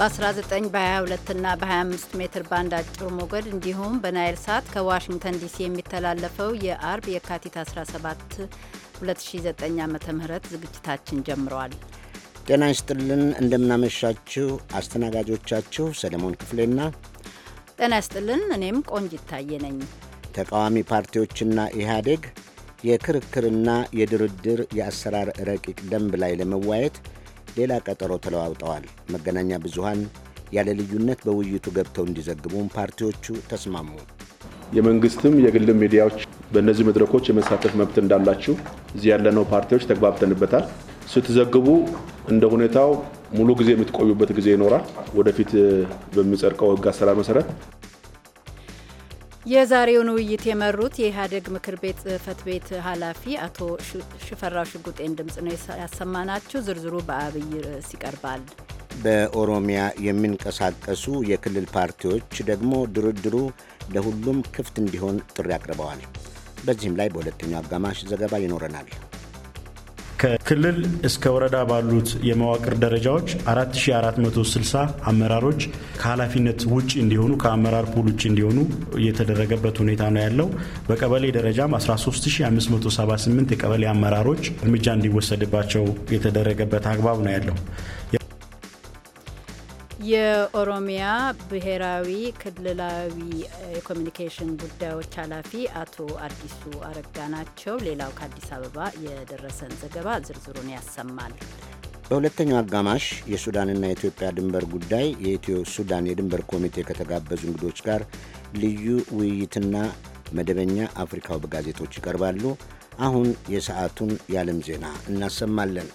በ19 በ22 እና በ25 ሜትር ባንድ አጭር ሞገድ እንዲሁም በናይል ሳት ከዋሽንግተን ዲሲ የሚተላለፈው የአርብ የካቲት 17 2009 ዓ ም ዝግጅታችን ጀምረዋል። ጤና ይስጥልን፣ እንደምናመሻችሁ። አስተናጋጆቻችሁ ሰለሞን ክፍሌና ጤና ይስጥልን። እኔም ቆንጅ ይታየ ነኝ። ተቃዋሚ ፓርቲዎችና ኢህአዴግ የክርክርና የድርድር የአሰራር ረቂቅ ደንብ ላይ ለመዋየት ሌላ ቀጠሮ ተለዋውጠዋል። መገናኛ ብዙሃን ያለ ልዩነት በውይይቱ ገብተው እንዲዘግቡም ፓርቲዎቹ ተስማሙ። የመንግስትም የግል ሚዲያዎች በእነዚህ መድረኮች የመሳተፍ መብት እንዳላችሁ እዚህ ያለነው ፓርቲዎች ተግባብተንበታል። ስትዘግቡ እንደ ሁኔታው ሙሉ ጊዜ የምትቆዩበት ጊዜ ይኖራል። ወደፊት በሚጸድቀው ህግ አሰራር መሰረት የዛሬውን ውይይት የመሩት የኢህአዴግ ምክር ቤት ጽህፈት ቤት ኃላፊ አቶ ሽፈራው ሽጉጤን ድምፅ ነው ያሰማናችሁ። ዝርዝሩ በአብይ ርዕስ ይቀርባል። በኦሮሚያ የሚንቀሳቀሱ የክልል ፓርቲዎች ደግሞ ድርድሩ ለሁሉም ክፍት እንዲሆን ጥሪ አቅርበዋል። በዚህም ላይ በሁለተኛው አጋማሽ ዘገባ ይኖረናል። ከክልል እስከ ወረዳ ባሉት የመዋቅር ደረጃዎች 4460 አመራሮች ከኃላፊነት ውጭ እንዲሆኑ ከአመራር ፑል ውጭ እንዲሆኑ የተደረገበት ሁኔታ ነው ያለው። በቀበሌ ደረጃም 13578 የቀበሌ አመራሮች እርምጃ እንዲወሰድባቸው የተደረገበት አግባብ ነው ያለው። የኦሮሚያ ብሔራዊ ክልላዊ የኮሚኒኬሽን ጉዳዮች ኃላፊ አቶ አዲሱ አረጋ ናቸው። ሌላው ከአዲስ አበባ የደረሰን ዘገባ ዝርዝሩን ያሰማል። በሁለተኛው አጋማሽ የሱዳንና የኢትዮጵያ ድንበር ጉዳይ የኢትዮ ሱዳን የድንበር ኮሚቴ ከተጋበዙ እንግዶች ጋር ልዩ ውይይትና መደበኛ አፍሪካው በጋዜጦች ይቀርባሉ። አሁን የሰዓቱን የዓለም ዜና እናሰማለን።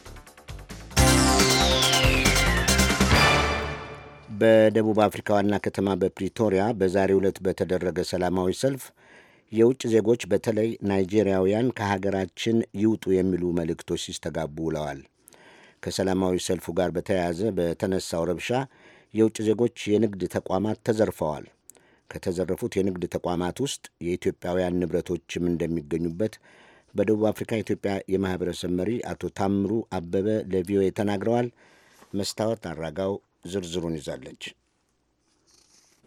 በደቡብ አፍሪካ ዋና ከተማ በፕሪቶሪያ በዛሬው ዕለት በተደረገ ሰላማዊ ሰልፍ የውጭ ዜጎች በተለይ ናይጄሪያውያን ከሀገራችን ይውጡ የሚሉ መልእክቶች ሲስተጋቡ ውለዋል። ከሰላማዊ ሰልፉ ጋር በተያያዘ በተነሳው ረብሻ የውጭ ዜጎች የንግድ ተቋማት ተዘርፈዋል። ከተዘረፉት የንግድ ተቋማት ውስጥ የኢትዮጵያውያን ንብረቶችም እንደሚገኙበት በደቡብ አፍሪካ ኢትዮጵያ የማህበረሰብ መሪ አቶ ታምሩ አበበ ለቪኦኤ ተናግረዋል። መስታወት አራጋው ዝርዝሩን ይዛለች።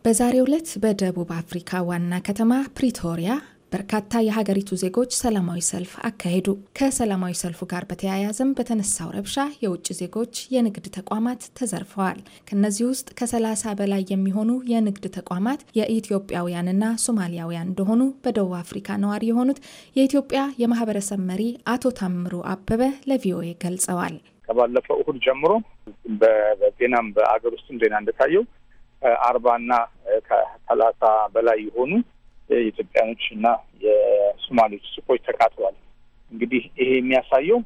በዛሬው ዕለት በደቡብ አፍሪካ ዋና ከተማ ፕሪቶሪያ በርካታ የሀገሪቱ ዜጎች ሰላማዊ ሰልፍ አካሄዱ። ከሰላማዊ ሰልፉ ጋር በተያያዘም በተነሳው ረብሻ የውጭ ዜጎች የንግድ ተቋማት ተዘርፈዋል። ከእነዚህ ውስጥ ከ30 በላይ የሚሆኑ የንግድ ተቋማት የኢትዮጵያውያንና ሶማሊያውያን እንደሆኑ በደቡብ አፍሪካ ነዋሪ የሆኑት የኢትዮጵያ የማህበረሰብ መሪ አቶ ታምሩ አበበ ለቪኦኤ ገልጸዋል። ከባለፈው እሁድ ጀምሮ በዜናም በአገር ውስጥም ዜና እንደታየው አርባና ከሰላሳ በላይ የሆኑ የኢትዮጵያኖች እና የሶማሌዎች ሱቆች ተቃጥሏል። እንግዲህ ይሄ የሚያሳየው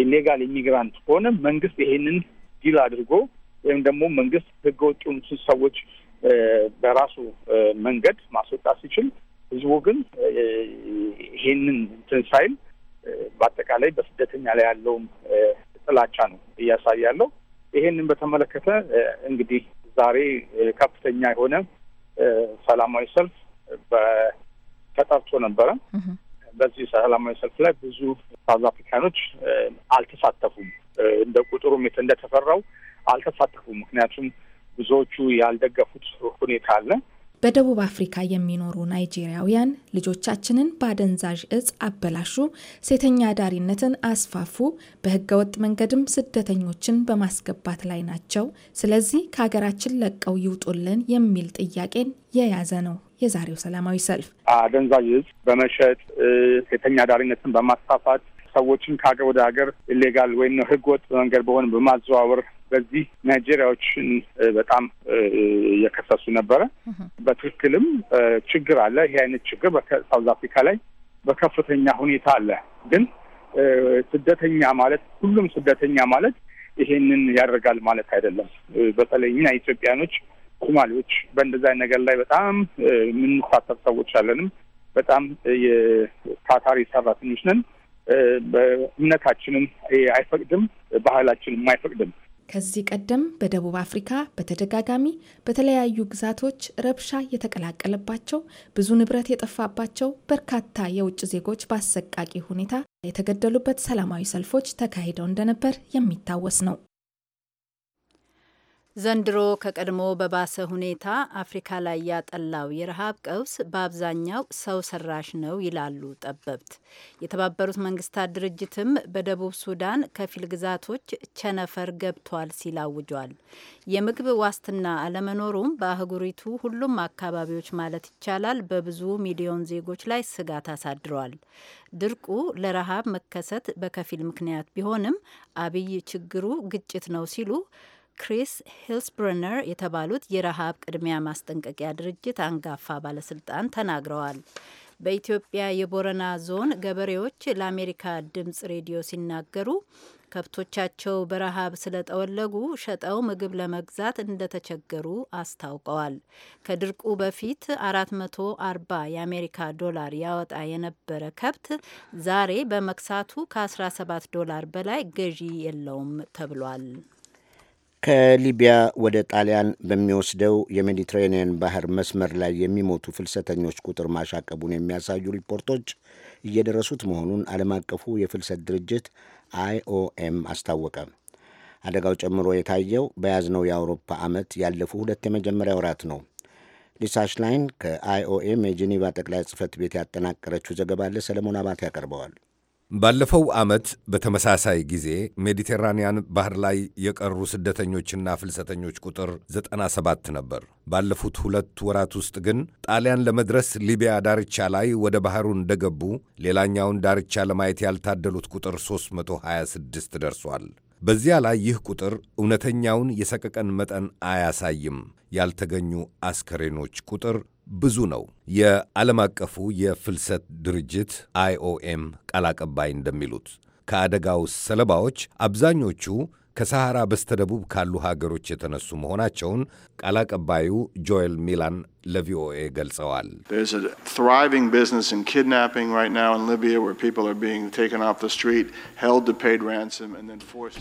የሌጋል ኢሚግራንት ከሆነ መንግስት ይሄንን ዲል አድርጎ ወይም ደግሞ መንግስት ህገወጡን ሰዎች በራሱ መንገድ ማስወጣት ሲችል ህዝቡ ግን ይሄንን ትንሳይል በአጠቃላይ በስደተኛ ላይ ያለውም። ጥላቻ ነው እያሳየ ያለው። ይሄንን በተመለከተ እንግዲህ ዛሬ ከፍተኛ የሆነ ሰላማዊ ሰልፍ ተጠርቶ ነበረ። በዚህ ሰላማዊ ሰልፍ ላይ ብዙ ሳውዝ አፍሪካኖች አልተሳተፉም። እንደ ቁጥሩም እንደተፈራው አልተሳተፉም። ምክንያቱም ብዙዎቹ ያልደገፉት ሁኔታ አለ። በደቡብ አፍሪካ የሚኖሩ ናይጄሪያውያን ልጆቻችንን በአደንዛዥ እጽ አበላሹ፣ ሴተኛ አዳሪነትን አስፋፉ፣ በህገወጥ መንገድም ስደተኞችን በማስገባት ላይ ናቸው፣ ስለዚህ ከሀገራችን ለቀው ይውጡልን የሚል ጥያቄን የያዘ ነው የዛሬው ሰላማዊ ሰልፍ። አደንዛዥ እጽ በመሸጥ ሴተኛ አዳሪነትን በማስፋፋት ሰዎችን ከሀገር ወደ ሀገር ኢሌጋል ወይም ነው ወጥ መንገድ በሆን በማዘዋወር በዚህ ናይጄሪያዎችን በጣም የከሰሱ ነበረ። በትክክልም ችግር አለ። ይህ አይነት ችግር በሳውዝ አፍሪካ ላይ በከፍተኛ ሁኔታ አለ። ግን ስደተኛ ማለት ሁሉም ስደተኛ ማለት ይሄንን ያደርጋል ማለት አይደለም። በተለይ እኛ ኢትዮጵያኖች፣ ኩማሌዎች በእንደዛ ነገር ላይ በጣም የምንሳተፍ ሰዎች አለንም። በጣም የታታሪ ሰራተኞች ነን። እምነታችንም አይፈቅድም፣ ባህላችንም አይፈቅድም። ከዚህ ቀደም በደቡብ አፍሪካ በተደጋጋሚ በተለያዩ ግዛቶች ረብሻ የተቀላቀለባቸው ብዙ ንብረት የጠፋባቸው በርካታ የውጭ ዜጎች በአሰቃቂ ሁኔታ የተገደሉበት ሰላማዊ ሰልፎች ተካሂደው እንደነበር የሚታወስ ነው። ዘንድሮ ከቀድሞ በባሰ ሁኔታ አፍሪካ ላይ ያጠላው የረሃብ ቀውስ በአብዛኛው ሰው ሰራሽ ነው ይላሉ ጠበብት። የተባበሩት መንግስታት ድርጅትም በደቡብ ሱዳን ከፊል ግዛቶች ቸነፈር ገብቷል ሲል አውጇል። የምግብ ዋስትና አለመኖሩም በአህጉሪቱ ሁሉም አካባቢዎች ማለት ይቻላል በብዙ ሚሊዮን ዜጎች ላይ ስጋት አሳድሯል። ድርቁ ለረሃብ መከሰት በከፊል ምክንያት ቢሆንም አብይ ችግሩ ግጭት ነው ሲሉ ክሪስ ሂልስብርነር የተባሉት የረሃብ ቅድሚያ ማስጠንቀቂያ ድርጅት አንጋፋ ባለስልጣን ተናግረዋል። በኢትዮጵያ የቦረና ዞን ገበሬዎች ለአሜሪካ ድምፅ ሬዲዮ ሲናገሩ ከብቶቻቸው በረሃብ ስለጠወለጉ ሸጠው ምግብ ለመግዛት እንደተቸገሩ አስታውቀዋል። ከድርቁ በፊት 440 የአሜሪካ ዶላር ያወጣ የነበረ ከብት ዛሬ በመክሳቱ ከ17 ዶላር በላይ ገዢ የለውም ተብሏል። ከሊቢያ ወደ ጣሊያን በሚወስደው የሜዲትሬኒየን ባህር መስመር ላይ የሚሞቱ ፍልሰተኞች ቁጥር ማሻቀቡን የሚያሳዩ ሪፖርቶች እየደረሱት መሆኑን ዓለም አቀፉ የፍልሰት ድርጅት አይኦኤም አስታወቀ። አደጋው ጨምሮ የታየው በያዝነው የአውሮፓ ዓመት ያለፉ ሁለት የመጀመሪያ ወራት ነው። ሊሳሽ ከአይኦኤም የጄኔቫ ጠቅላይ ጽህፈት ቤት ያጠናቀረችው ዘገባ ሰለሞን አባተ ያቀርበዋል። ባለፈው ዓመት በተመሳሳይ ጊዜ ሜዲቴራንያን ባህር ላይ የቀሩ ስደተኞችና ፍልሰተኞች ቁጥር 97 ነበር። ባለፉት ሁለት ወራት ውስጥ ግን ጣሊያን ለመድረስ ሊቢያ ዳርቻ ላይ ወደ ባህሩ እንደገቡ ሌላኛውን ዳርቻ ለማየት ያልታደሉት ቁጥር 326 ደርሷል። በዚያ ላይ ይህ ቁጥር እውነተኛውን የሰቀቀን መጠን አያሳይም። ያልተገኙ አስከሬኖች ቁጥር ብዙ ነው። የዓለም አቀፉ የፍልሰት ድርጅት አይኦኤም ቃል አቀባይ እንደሚሉት ከአደጋው ሰለባዎች አብዛኞቹ ከሰሐራ በስተደቡብ ካሉ ሀገሮች የተነሱ መሆናቸውን ቃል አቀባዩ ጆኤል ሚላን ለቪኦኤ ገልጸዋል።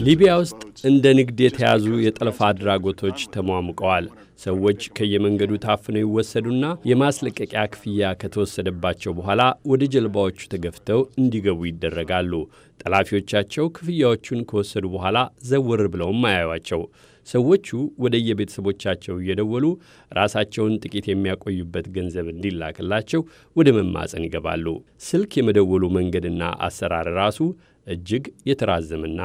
ሊቢያ ውስጥ እንደ ንግድ የተያዙ የጠለፋ አድራጎቶች ተሟሙቀዋል። ሰዎች ከየመንገዱ ታፍነው ይወሰዱና የማስለቀቂያ ክፍያ ከተወሰደባቸው በኋላ ወደ ጀልባዎቹ ተገፍተው እንዲገቡ ይደረጋሉ። ጠላፊዎቻቸው ክፍያዎቹን ከወሰዱ በኋላ ዘወር ብለውም አያዩቸው። ሰዎቹ ወደ የቤተሰቦቻቸው እየደወሉ ራሳቸውን ጥቂት የሚያቆዩበት ገንዘብ እንዲላክላቸው ወደ መማፀን ይገባሉ። ስልክ የመደወሉ መንገድና አሰራር ራሱ እጅግ የተራዘምና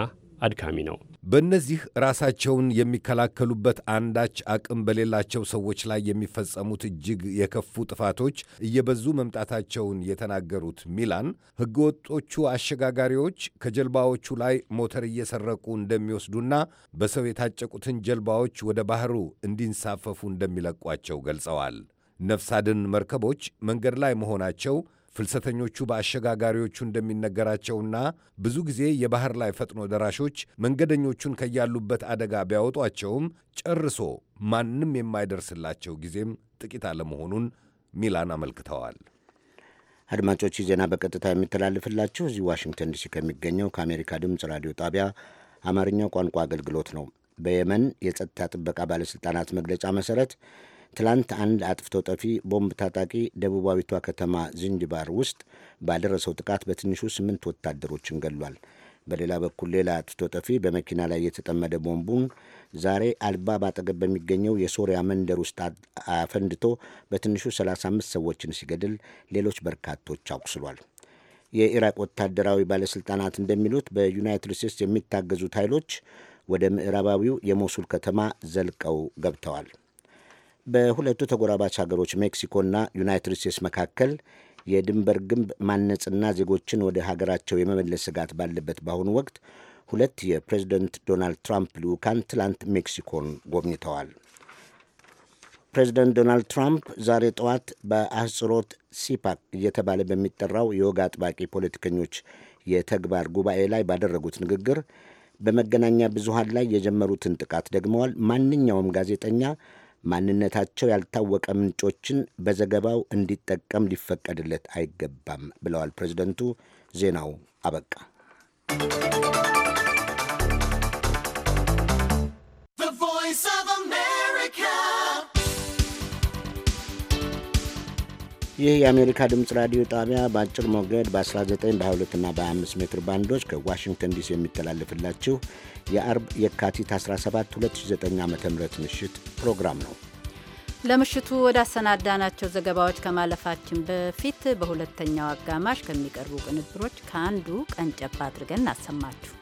አድካሚ ነው። በእነዚህ ራሳቸውን የሚከላከሉበት አንዳች አቅም በሌላቸው ሰዎች ላይ የሚፈጸሙት እጅግ የከፉ ጥፋቶች እየበዙ መምጣታቸውን የተናገሩት ሚላን ሕገወጦቹ አሸጋጋሪዎች ከጀልባዎቹ ላይ ሞተር እየሰረቁ እንደሚወስዱና በሰው የታጨቁትን ጀልባዎች ወደ ባህሩ እንዲንሳፈፉ እንደሚለቋቸው ገልጸዋል። ነፍስ አድን መርከቦች መንገድ ላይ መሆናቸው ፍልሰተኞቹ በአሸጋጋሪዎቹ እንደሚነገራቸውና ብዙ ጊዜ የባህር ላይ ፈጥኖ ደራሾች መንገደኞቹን ከያሉበት አደጋ ቢያወጧቸውም ጨርሶ ማንም የማይደርስላቸው ጊዜም ጥቂት አለመሆኑን ሚላን አመልክተዋል። አድማጮች ዜና በቀጥታ የሚተላልፍላችሁ እዚህ ዋሽንግተን ዲሲ ከሚገኘው ከአሜሪካ ድምፅ ራዲዮ ጣቢያ አማርኛው ቋንቋ አገልግሎት ነው። በየመን የጸጥታ ጥበቃ ባለሥልጣናት መግለጫ መሠረት ትላንት አንድ አጥፍቶ ጠፊ ቦምብ ታጣቂ ደቡባዊቷ ከተማ ዝንጅባር ውስጥ ባደረሰው ጥቃት በትንሹ ስምንት ወታደሮችን ገሏል። በሌላ በኩል ሌላ አጥፍቶ ጠፊ በመኪና ላይ የተጠመደ ቦምቡን ዛሬ አልባብ አጠገብ በሚገኘው የሶሪያ መንደር ውስጥ አፈንድቶ በትንሹ 35 ሰዎችን ሲገድል ሌሎች በርካቶች አቁስሏል። የኢራቅ ወታደራዊ ባለሥልጣናት እንደሚሉት በዩናይትድ ስቴትስ የሚታገዙት ኃይሎች ወደ ምዕራባዊው የሞሱል ከተማ ዘልቀው ገብተዋል። በሁለቱ ተጎራባች ሀገሮች ሜክሲኮና ዩናይትድ ስቴትስ መካከል የድንበር ግንብ ማነጽና ዜጎችን ወደ ሀገራቸው የመመለስ ስጋት ባለበት በአሁኑ ወቅት ሁለት የፕሬዚደንት ዶናልድ ትራምፕ ልዑካን ትላንት ሜክሲኮን ጎብኝተዋል። ፕሬዚደንት ዶናልድ ትራምፕ ዛሬ ጠዋት በአህጽሮት ሲፓክ እየተባለ በሚጠራው የወግ አጥባቂ ፖለቲከኞች የተግባር ጉባኤ ላይ ባደረጉት ንግግር በመገናኛ ብዙሃን ላይ የጀመሩትን ጥቃት ደግመዋል። ማንኛውም ጋዜጠኛ ማንነታቸው ያልታወቀ ምንጮችን በዘገባው እንዲጠቀም ሊፈቀድለት አይገባም ብለዋል ፕሬዚደንቱ። ዜናው አበቃ። ይህ የአሜሪካ ድምፅ ራዲዮ ጣቢያ በአጭር ሞገድ በ19 በ22ና በ25 ሜትር ባንዶች ከዋሽንግተን ዲሲ የሚተላለፍላችሁ የአርብ የካቲት 17 2009 ዓ ም ምሽት ፕሮግራም ነው። ለምሽቱ ወዳሰናዳናቸው ዘገባዎች ከማለፋችን በፊት በሁለተኛው አጋማሽ ከሚቀርቡ ቅንብሮች ከአንዱ ቀንጨብ አድርገን እናሰማችሁ።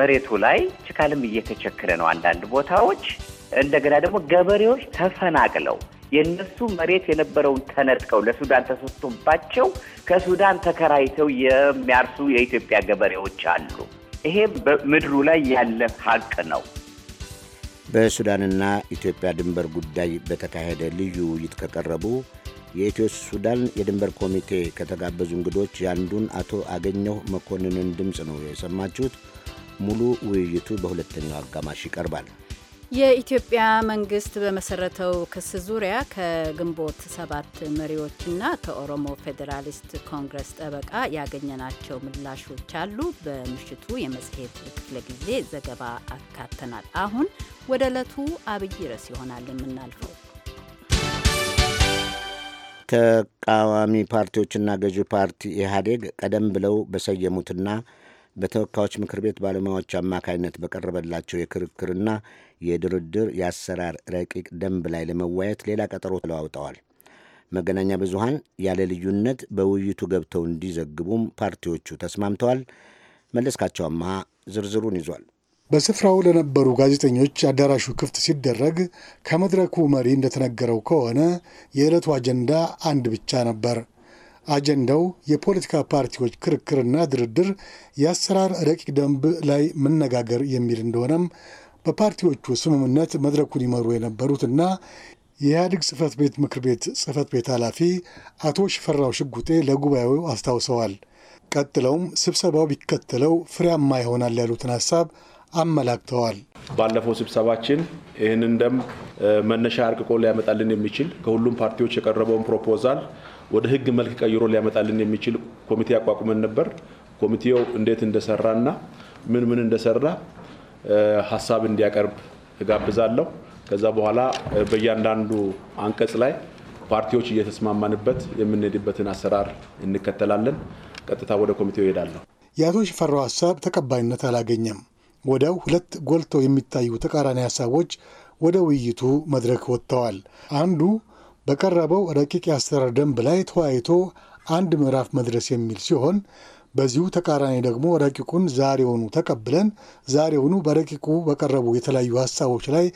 መሬቱ ላይ ችካልም እየተቸከለ ነው። አንዳንድ ቦታዎች እንደገና ደግሞ ገበሬዎች ተፈናቅለው የእነሱ መሬት የነበረውን ተነጥቀው ለሱዳን ተሰጥቶባቸው ከሱዳን ተከራይተው የሚያርሱ የኢትዮጵያ ገበሬዎች አሉ። ይሄ በምድሩ ላይ ያለ ሀቅ ነው። በሱዳንና ኢትዮጵያ ድንበር ጉዳይ በተካሄደ ልዩ ውይይት ከቀረቡ የኢትዮ ሱዳን የድንበር ኮሚቴ ከተጋበዙ እንግዶች ያንዱን አቶ አገኘሁ መኮንንን ድምፅ ነው የሰማችሁት። ሙሉ ውይይቱ በሁለተኛው አጋማሽ ይቀርባል። የኢትዮጵያ መንግስት በመሰረተው ክስ ዙሪያ ከግንቦት ሰባት መሪዎችና ከኦሮሞ ፌዴራሊስት ኮንግረስ ጠበቃ ያገኘናቸው ምላሾች አሉ። በምሽቱ የመጽሔት ክፍለ ጊዜ ዘገባ አካተናል። አሁን ወደ ዕለቱ አብይ ርዕስ ይሆናል የምናልፈው። ተቃዋሚ ፓርቲዎችና ገዢ ፓርቲ ኢህአዴግ ቀደም ብለው በሰየሙትና በተወካዮች ምክር ቤት ባለሙያዎች አማካይነት በቀረበላቸው የክርክርና የድርድር የአሰራር ረቂቅ ደንብ ላይ ለመወያየት ሌላ ቀጠሮ ተለዋውጠዋል። መገናኛ ብዙሃን ያለ ልዩነት በውይይቱ ገብተው እንዲዘግቡም ፓርቲዎቹ ተስማምተዋል። መለስካቸው አመሃ ዝርዝሩን ይዟል። በስፍራው ለነበሩ ጋዜጠኞች አዳራሹ ክፍት ሲደረግ ከመድረኩ መሪ እንደተነገረው ከሆነ የዕለቱ አጀንዳ አንድ ብቻ ነበር። አጀንዳው የፖለቲካ ፓርቲዎች ክርክርና ድርድር የአሰራር ረቂቅ ደንብ ላይ መነጋገር የሚል እንደሆነም በፓርቲዎቹ ስምምነት መድረኩን ይመሩ የነበሩትና የኢህአዴግ ጽህፈት ቤት ምክር ቤት ጽህፈት ቤት ኃላፊ አቶ ሽፈራው ሽጉጤ ለጉባኤው አስታውሰዋል። ቀጥለውም ስብሰባው ቢከተለው ፍሬያማ ይሆናል ያሉትን ሀሳብ አመላክተዋል። ባለፈው ስብሰባችን ይህንን ደንብ መነሻ አርቅቆ ሊያመጣልን የሚችል ከሁሉም ፓርቲዎች የቀረበውን ፕሮፖዛል ወደ ህግ መልክ ቀይሮ ሊያመጣልን የሚችል ኮሚቴ አቋቁመን ነበር። ኮሚቴው እንዴት እንደሰራና ምን ምን እንደሰራ ሀሳብ እንዲያቀርብ እጋብዛለሁ። ከዛ በኋላ በእያንዳንዱ አንቀጽ ላይ ፓርቲዎች እየተስማማንበት የምንሄድበትን አሰራር እንከተላለን። ቀጥታ ወደ ኮሚቴው ይሄዳለሁ። የአቶ ሽፈራው ሀሳብ ተቀባይነት አላገኘም። ወዲያው ሁለት ጎልተው የሚታዩ ተቃራኒ ሀሳቦች ወደ ውይይቱ መድረክ ወጥተዋል። አንዱ በቀረበው ረቂቅ የአሰራር ደንብ ላይ ተወያይቶ አንድ ምዕራፍ መድረስ የሚል ሲሆን በዚሁ ተቃራኒ ደግሞ ረቂቁን ዛሬውኑ ተቀብለን ዛሬውኑ በረቂቁ በቀረቡ የተለያዩ ሀሳቦች ላይ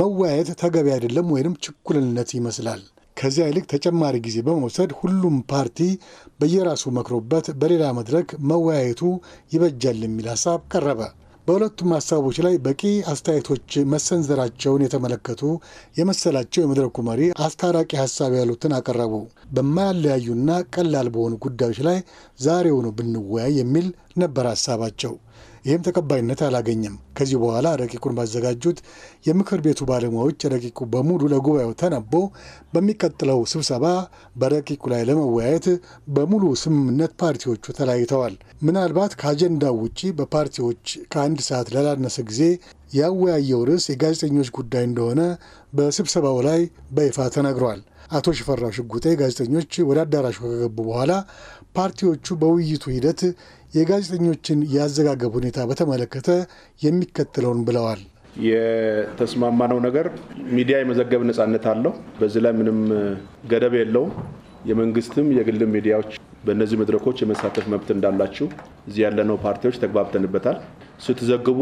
መወያየት ተገቢ አይደለም ወይንም ችኩልነት ይመስላል። ከዚያ ይልቅ ተጨማሪ ጊዜ በመውሰድ ሁሉም ፓርቲ በየራሱ መክሮበት በሌላ መድረክ መወያየቱ ይበጃል የሚል ሀሳብ ቀረበ። በሁለቱም ሀሳቦች ላይ በቂ አስተያየቶች መሰንዘራቸውን የተመለከቱ የመሰላቸው የመድረኩ መሪ አስታራቂ ሀሳብ ያሉትን አቀረቡ። በማያለያዩና ቀላል በሆኑ ጉዳዮች ላይ ዛሬውኑ ብንወያይ የሚል ነበር ሀሳባቸው። ይህም ተቀባይነት አላገኘም። ከዚህ በኋላ ረቂቁን ባዘጋጁት የምክር ቤቱ ባለሙያዎች ረቂቁ በሙሉ ለጉባኤው ተነቦ በሚቀጥለው ስብሰባ በረቂቁ ላይ ለመወያየት በሙሉ ስምምነት ፓርቲዎቹ ተለያይተዋል። ምናልባት ከአጀንዳው ውጪ በፓርቲዎች ከአንድ ሰዓት ላላነሰ ጊዜ ያወያየው ርዕስ የጋዜጠኞች ጉዳይ እንደሆነ በስብሰባው ላይ በይፋ ተነግሯል። አቶ ሽፈራው ሽጉጤ ጋዜጠኞች ወደ አዳራሹ ከገቡ በኋላ ፓርቲዎቹ በውይይቱ ሂደት የጋዜጠኞችን የአዘጋገብ ሁኔታ በተመለከተ የሚከተለውን ብለዋል። የተስማማነው ነገር ሚዲያ የመዘገብ ነጻነት አለው። በዚህ ላይ ምንም ገደብ የለውም። የመንግስትም የግል ሚዲያዎች በእነዚህ መድረኮች የመሳተፍ መብት እንዳላችሁ እዚህ ያለነው ፓርቲዎች ተግባብተንበታል። ስትዘግቡ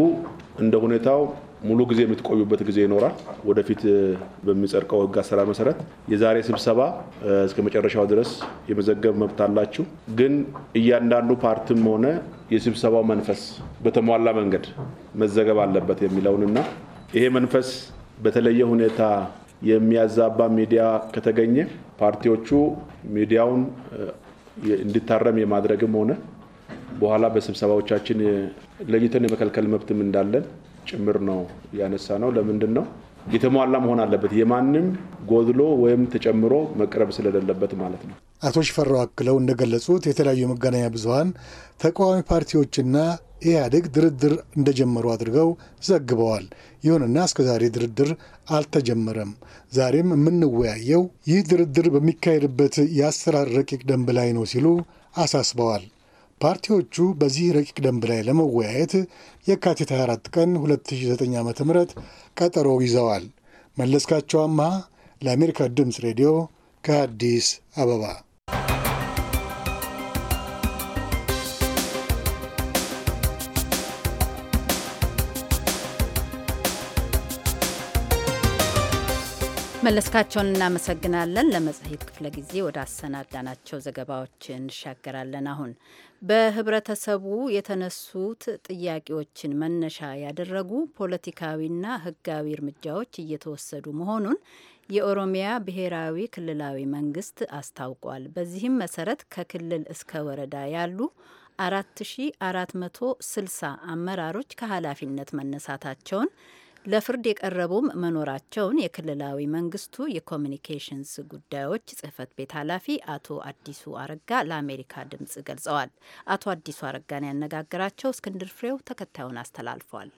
እንደ ሁኔታው ሙሉ ጊዜ የምትቆዩበት ጊዜ ይኖራል። ወደፊት በሚጸድቀው ህግ አሰራር መሰረት የዛሬ ስብሰባ እስከ መጨረሻው ድረስ የመዘገብ መብት አላችሁ። ግን እያንዳንዱ ፓርቲም ሆነ የስብሰባው መንፈስ በተሟላ መንገድ መዘገብ አለበት የሚለውንና ይሄ መንፈስ በተለየ ሁኔታ የሚያዛባ ሚዲያ ከተገኘ ፓርቲዎቹ ሚዲያውን እንዲታረም የማድረግም ሆነ በኋላ በስብሰባዎቻችን ለይተን የመከልከል መብትም እንዳለን ጭምር ነው ያነሳ ነው። ለምንድን ነው የተሟላ መሆን አለበት። የማንም ጎድሎ ወይም ተጨምሮ መቅረብ ስለሌለበት ማለት ነው። አቶ ሽፈራው አክለው እንደገለጹት የተለያዩ የመገናኛ ብዙኃን ተቃዋሚ ፓርቲዎችና ኢህአዴግ ድርድር እንደጀመሩ አድርገው ዘግበዋል። ይሁንና እስከዛሬ ድርድር አልተጀመረም። ዛሬም የምንወያየው ይህ ድርድር በሚካሄድበት የአሰራር ረቂቅ ደንብ ላይ ነው ሲሉ አሳስበዋል። ፓርቲዎቹ በዚህ ረቂቅ ደንብ ላይ ለመወያየት የካቲት 24 ቀን 2009 ዓ ም ቀጠሮ ይዘዋል። መለስካቸው አምሃ ለአሜሪካ ድምፅ ሬዲዮ ከአዲስ አበባ መለስካቸውን እናመሰግናለን። ለመጽሔት ክፍለ ጊዜ ወደ አሰናዳናቸው ዘገባዎች እንሻገራለን። አሁን በህብረተሰቡ የተነሱት ጥያቄዎችን መነሻ ያደረጉ ፖለቲካዊና ህጋዊ እርምጃዎች እየተወሰዱ መሆኑን የኦሮሚያ ብሔራዊ ክልላዊ መንግስት አስታውቋል። በዚህም መሰረት ከክልል እስከ ወረዳ ያሉ 4460 አመራሮች ከኃላፊነት መነሳታቸውን ለፍርድ የቀረቡም መኖራቸውን የክልላዊ መንግስቱ የኮሚኒኬሽንስ ጉዳዮች ጽህፈት ቤት ኃላፊ አቶ አዲሱ አረጋ ለአሜሪካ ድምጽ ገልጸዋል። አቶ አዲሱ አረጋን ያነጋገራቸው እስክንድር ፍሬው ተከታዩን አስተላልፏል።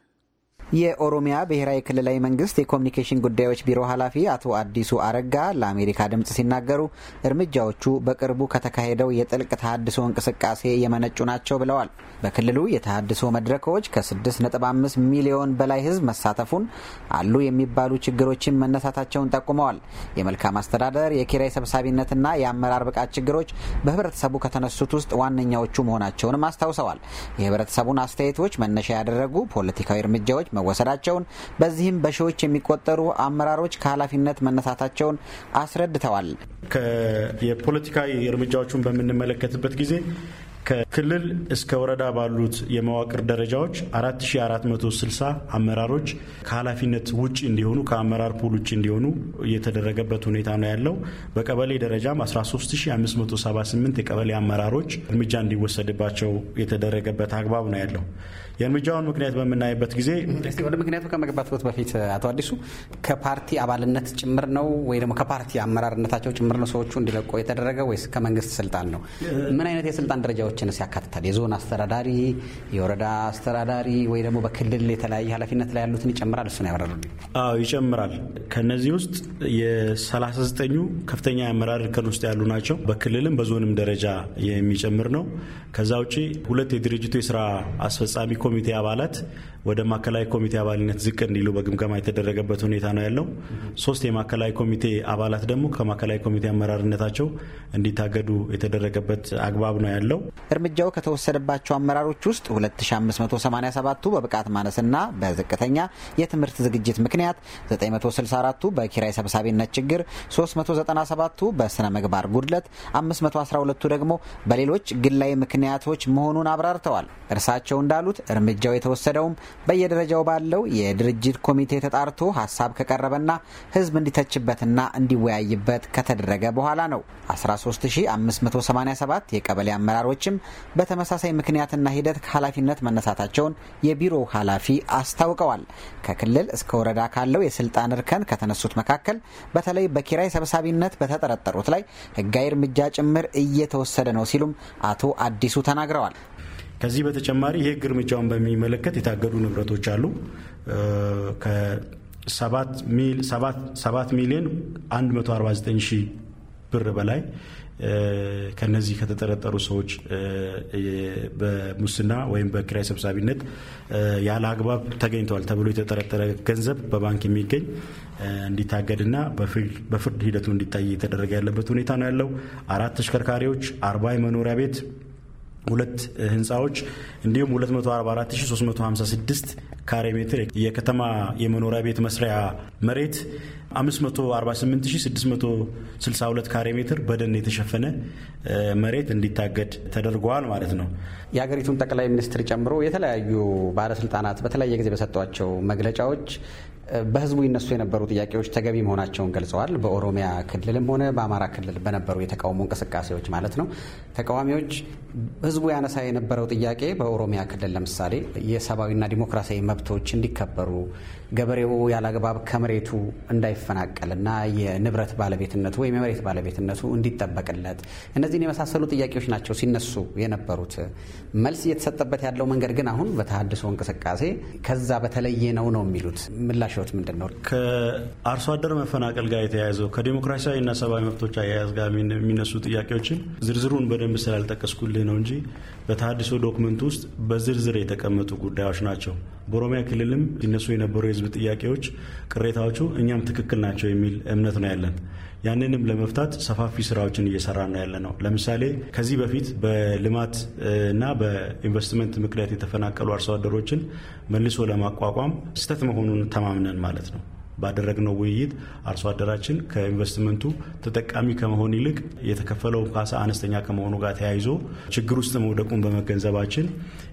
የኦሮሚያ ብሔራዊ ክልላዊ መንግስት የኮሚኒኬሽን ጉዳዮች ቢሮ ኃላፊ አቶ አዲሱ አረጋ ለአሜሪካ ድምፅ ሲናገሩ እርምጃዎቹ በቅርቡ ከተካሄደው የጥልቅ ተሃድሶ እንቅስቃሴ የመነጩ ናቸው ብለዋል። በክልሉ የተሃድሶ መድረኮች ከ6.5 ሚሊዮን በላይ ሕዝብ መሳተፉን፣ አሉ የሚባሉ ችግሮችን መነሳታቸውን ጠቁመዋል። የመልካም አስተዳደር፣ የኪራይ ሰብሳቢነትና የአመራር ብቃት ችግሮች በህብረተሰቡ ከተነሱት ውስጥ ዋነኛዎቹ መሆናቸውንም አስታውሰዋል። የህብረተሰቡን አስተያየቶች መነሻ ያደረጉ ፖለቲካዊ እርምጃዎች እርምጃዎች መወሰዳቸውን በዚህም በሺዎች የሚቆጠሩ አመራሮች ከኃላፊነት መነሳታቸውን አስረድተዋል። የፖለቲካዊ እርምጃዎቹን በምንመለከትበት ጊዜ ከክልል እስከ ወረዳ ባሉት የመዋቅር ደረጃዎች 4460 አመራሮች ከኃላፊነት ውጭ እንዲሆኑ ከአመራር ፑል ውጭ እንዲሆኑ የተደረገበት ሁኔታ ነው ያለው። በቀበሌ ደረጃም 13578 የቀበሌ አመራሮች እርምጃ እንዲወሰድባቸው የተደረገበት አግባብ ነው ያለው። የእርምጃውን ምክንያት በምናይበት ጊዜ ወደ ምክንያቱ ከመግባት በፊት አቶ አዲሱ ከፓርቲ አባልነት ጭምር ነው ወይ ደግሞ ከፓርቲ አመራርነታቸው ጭምር ነው ሰዎቹ እንዲለቆ የተደረገ ወይስ ከመንግስት ስልጣን ነው? ምን አይነት የስልጣን ደረጃዎችን ያካትታል? የዞን አስተዳዳሪ፣ የወረዳ አስተዳዳሪ ወይ ደግሞ በክልል የተለያየ ኃላፊነት ላይ ያሉትን ይጨምራል? እሱ ያብራሩልኝ። አዎ ይጨምራል። ከነዚህ ውስጥ የ39ኙ ከፍተኛ የአመራር እርከን ውስጥ ያሉ ናቸው። በክልልም በዞንም ደረጃ የሚጨምር ነው። ከዛ ውጪ ሁለት የድርጅቱ የስራ አስፈጻሚ ኮሚቴ አባላት ወደ ማዕከላዊ ኮሚቴ አባልነት ዝቅ እንዲሉ በግምገማ የተደረገበት ሁኔታ ነው ያለው። ሶስት የማዕከላዊ ኮሚቴ አባላት ደግሞ ከማዕከላዊ ኮሚቴ አመራርነታቸው እንዲታገዱ የተደረገበት አግባብ ነው ያለው። እርምጃው ከተወሰደባቸው አመራሮች ውስጥ 2587ቱ በብቃት ማነስና በዝቅተኛ የትምህርት ዝግጅት ምክንያት፣ 964ቱ በኪራይ ሰብሳቢነት ችግር፣ 397ቱ በስነ ምግባር ጉድለት፣ 512ቱ ደግሞ በሌሎች ግላዊ ምክንያቶች መሆኑን አብራርተዋል። እርሳቸው እንዳሉት እርምጃው የተወሰደውም በየደረጃው ባለው የድርጅት ኮሚቴ ተጣርቶ ሀሳብ ከቀረበና ህዝብ እንዲተችበትና እንዲወያይበት ከተደረገ በኋላ ነው። 13587 የቀበሌ አመራሮችም በተመሳሳይ ምክንያትና ሂደት ከኃላፊነት መነሳታቸውን የቢሮው ኃላፊ አስታውቀዋል። ከክልል እስከ ወረዳ ካለው የስልጣን እርከን ከተነሱት መካከል በተለይ በኪራይ ሰብሳቢነት በተጠረጠሩት ላይ ህጋዊ እርምጃ ጭምር እየተወሰደ ነው ሲሉም አቶ አዲሱ ተናግረዋል። ከዚህ በተጨማሪ የህግ እርምጃውን በሚመለከት የታገዱ ንብረቶች አሉ። ከሰባት ሚሊዮን 149 ሺህ ብር በላይ ከነዚህ ከተጠረጠሩ ሰዎች በሙስና ወይም በኪራይ ሰብሳቢነት ያለ አግባብ ተገኝተዋል ተብሎ የተጠረጠረ ገንዘብ በባንክ የሚገኝ እንዲታገድና በፍርድ ሂደቱ እንዲታይ እየተደረገ ያለበት ሁኔታ ነው ያለው። አራት ተሽከርካሪዎች፣ አርባ የመኖሪያ ቤት ሁለት ህንፃዎች እንዲሁም 244356 ካሬ ሜትር የከተማ የመኖሪያ ቤት መስሪያ መሬት 548662 ካሬ ሜትር በደን የተሸፈነ መሬት እንዲታገድ ተደርጓል ማለት ነው። የሀገሪቱን ጠቅላይ ሚኒስትር ጨምሮ የተለያዩ ባለስልጣናት በተለያየ ጊዜ በሰጧቸው መግለጫዎች በህዝቡ ይነሱ የነበሩ ጥያቄዎች ተገቢ መሆናቸውን ገልጸዋል። በኦሮሚያ ክልልም ሆነ በአማራ ክልል በነበሩ የተቃውሞ እንቅስቃሴዎች ማለት ነው ተቃዋሚዎች ህዝቡ ያነሳ የነበረው ጥያቄ በኦሮሚያ ክልል ለምሳሌ የሰብአዊና ዲሞክራሲያዊ መብቶች እንዲከበሩ ገበሬው ያላግባብ ከመሬቱ እንዳይፈናቀልና የንብረት ባለቤትነቱ ወይም የመሬት ባለቤትነቱ እንዲጠበቅለት እነዚህን የመሳሰሉ ጥያቄዎች ናቸው ሲነሱ የነበሩት። መልስ እየተሰጠበት ያለው መንገድ ግን አሁን በተሀድሶ እንቅስቃሴ ከዛ በተለየ ነው ነው የሚሉት ምላሽዎት ምንድን ነው? ከአርሶ አደር መፈናቀል ጋር የተያያዘው ከዲሞክራሲያዊና ሰብአዊ መብቶች አያያዝ ጋር የሚነሱ ጥያቄዎችን ዝርዝሩን በደንብ ስላልጠቀስኩልህ ነው እንጂ በታሀድሶ ዶክመንት ውስጥ በዝርዝር የተቀመጡ ጉዳዮች ናቸው። በኦሮሚያ ክልልም ሲነሱ የነበሩ የህዝብ ጥያቄዎች፣ ቅሬታዎቹ እኛም ትክክል ናቸው የሚል እምነት ነው ያለን። ያንንም ለመፍታት ሰፋፊ ስራዎችን እየሰራ ነው ያለ ነው። ለምሳሌ ከዚህ በፊት በልማት እና በኢንቨስትመንት ምክንያት የተፈናቀሉ አርሶ አደሮችን መልሶ ለማቋቋም ስህተት መሆኑን ተማምነን ማለት ነው ባደረግነው ውይይት አርሶ አደራችን ከኢንቨስትመንቱ ተጠቃሚ ከመሆን ይልቅ የተከፈለው ካሳ አነስተኛ ከመሆኑ ጋር ተያይዞ ችግር ውስጥ መውደቁን በመገንዘባችን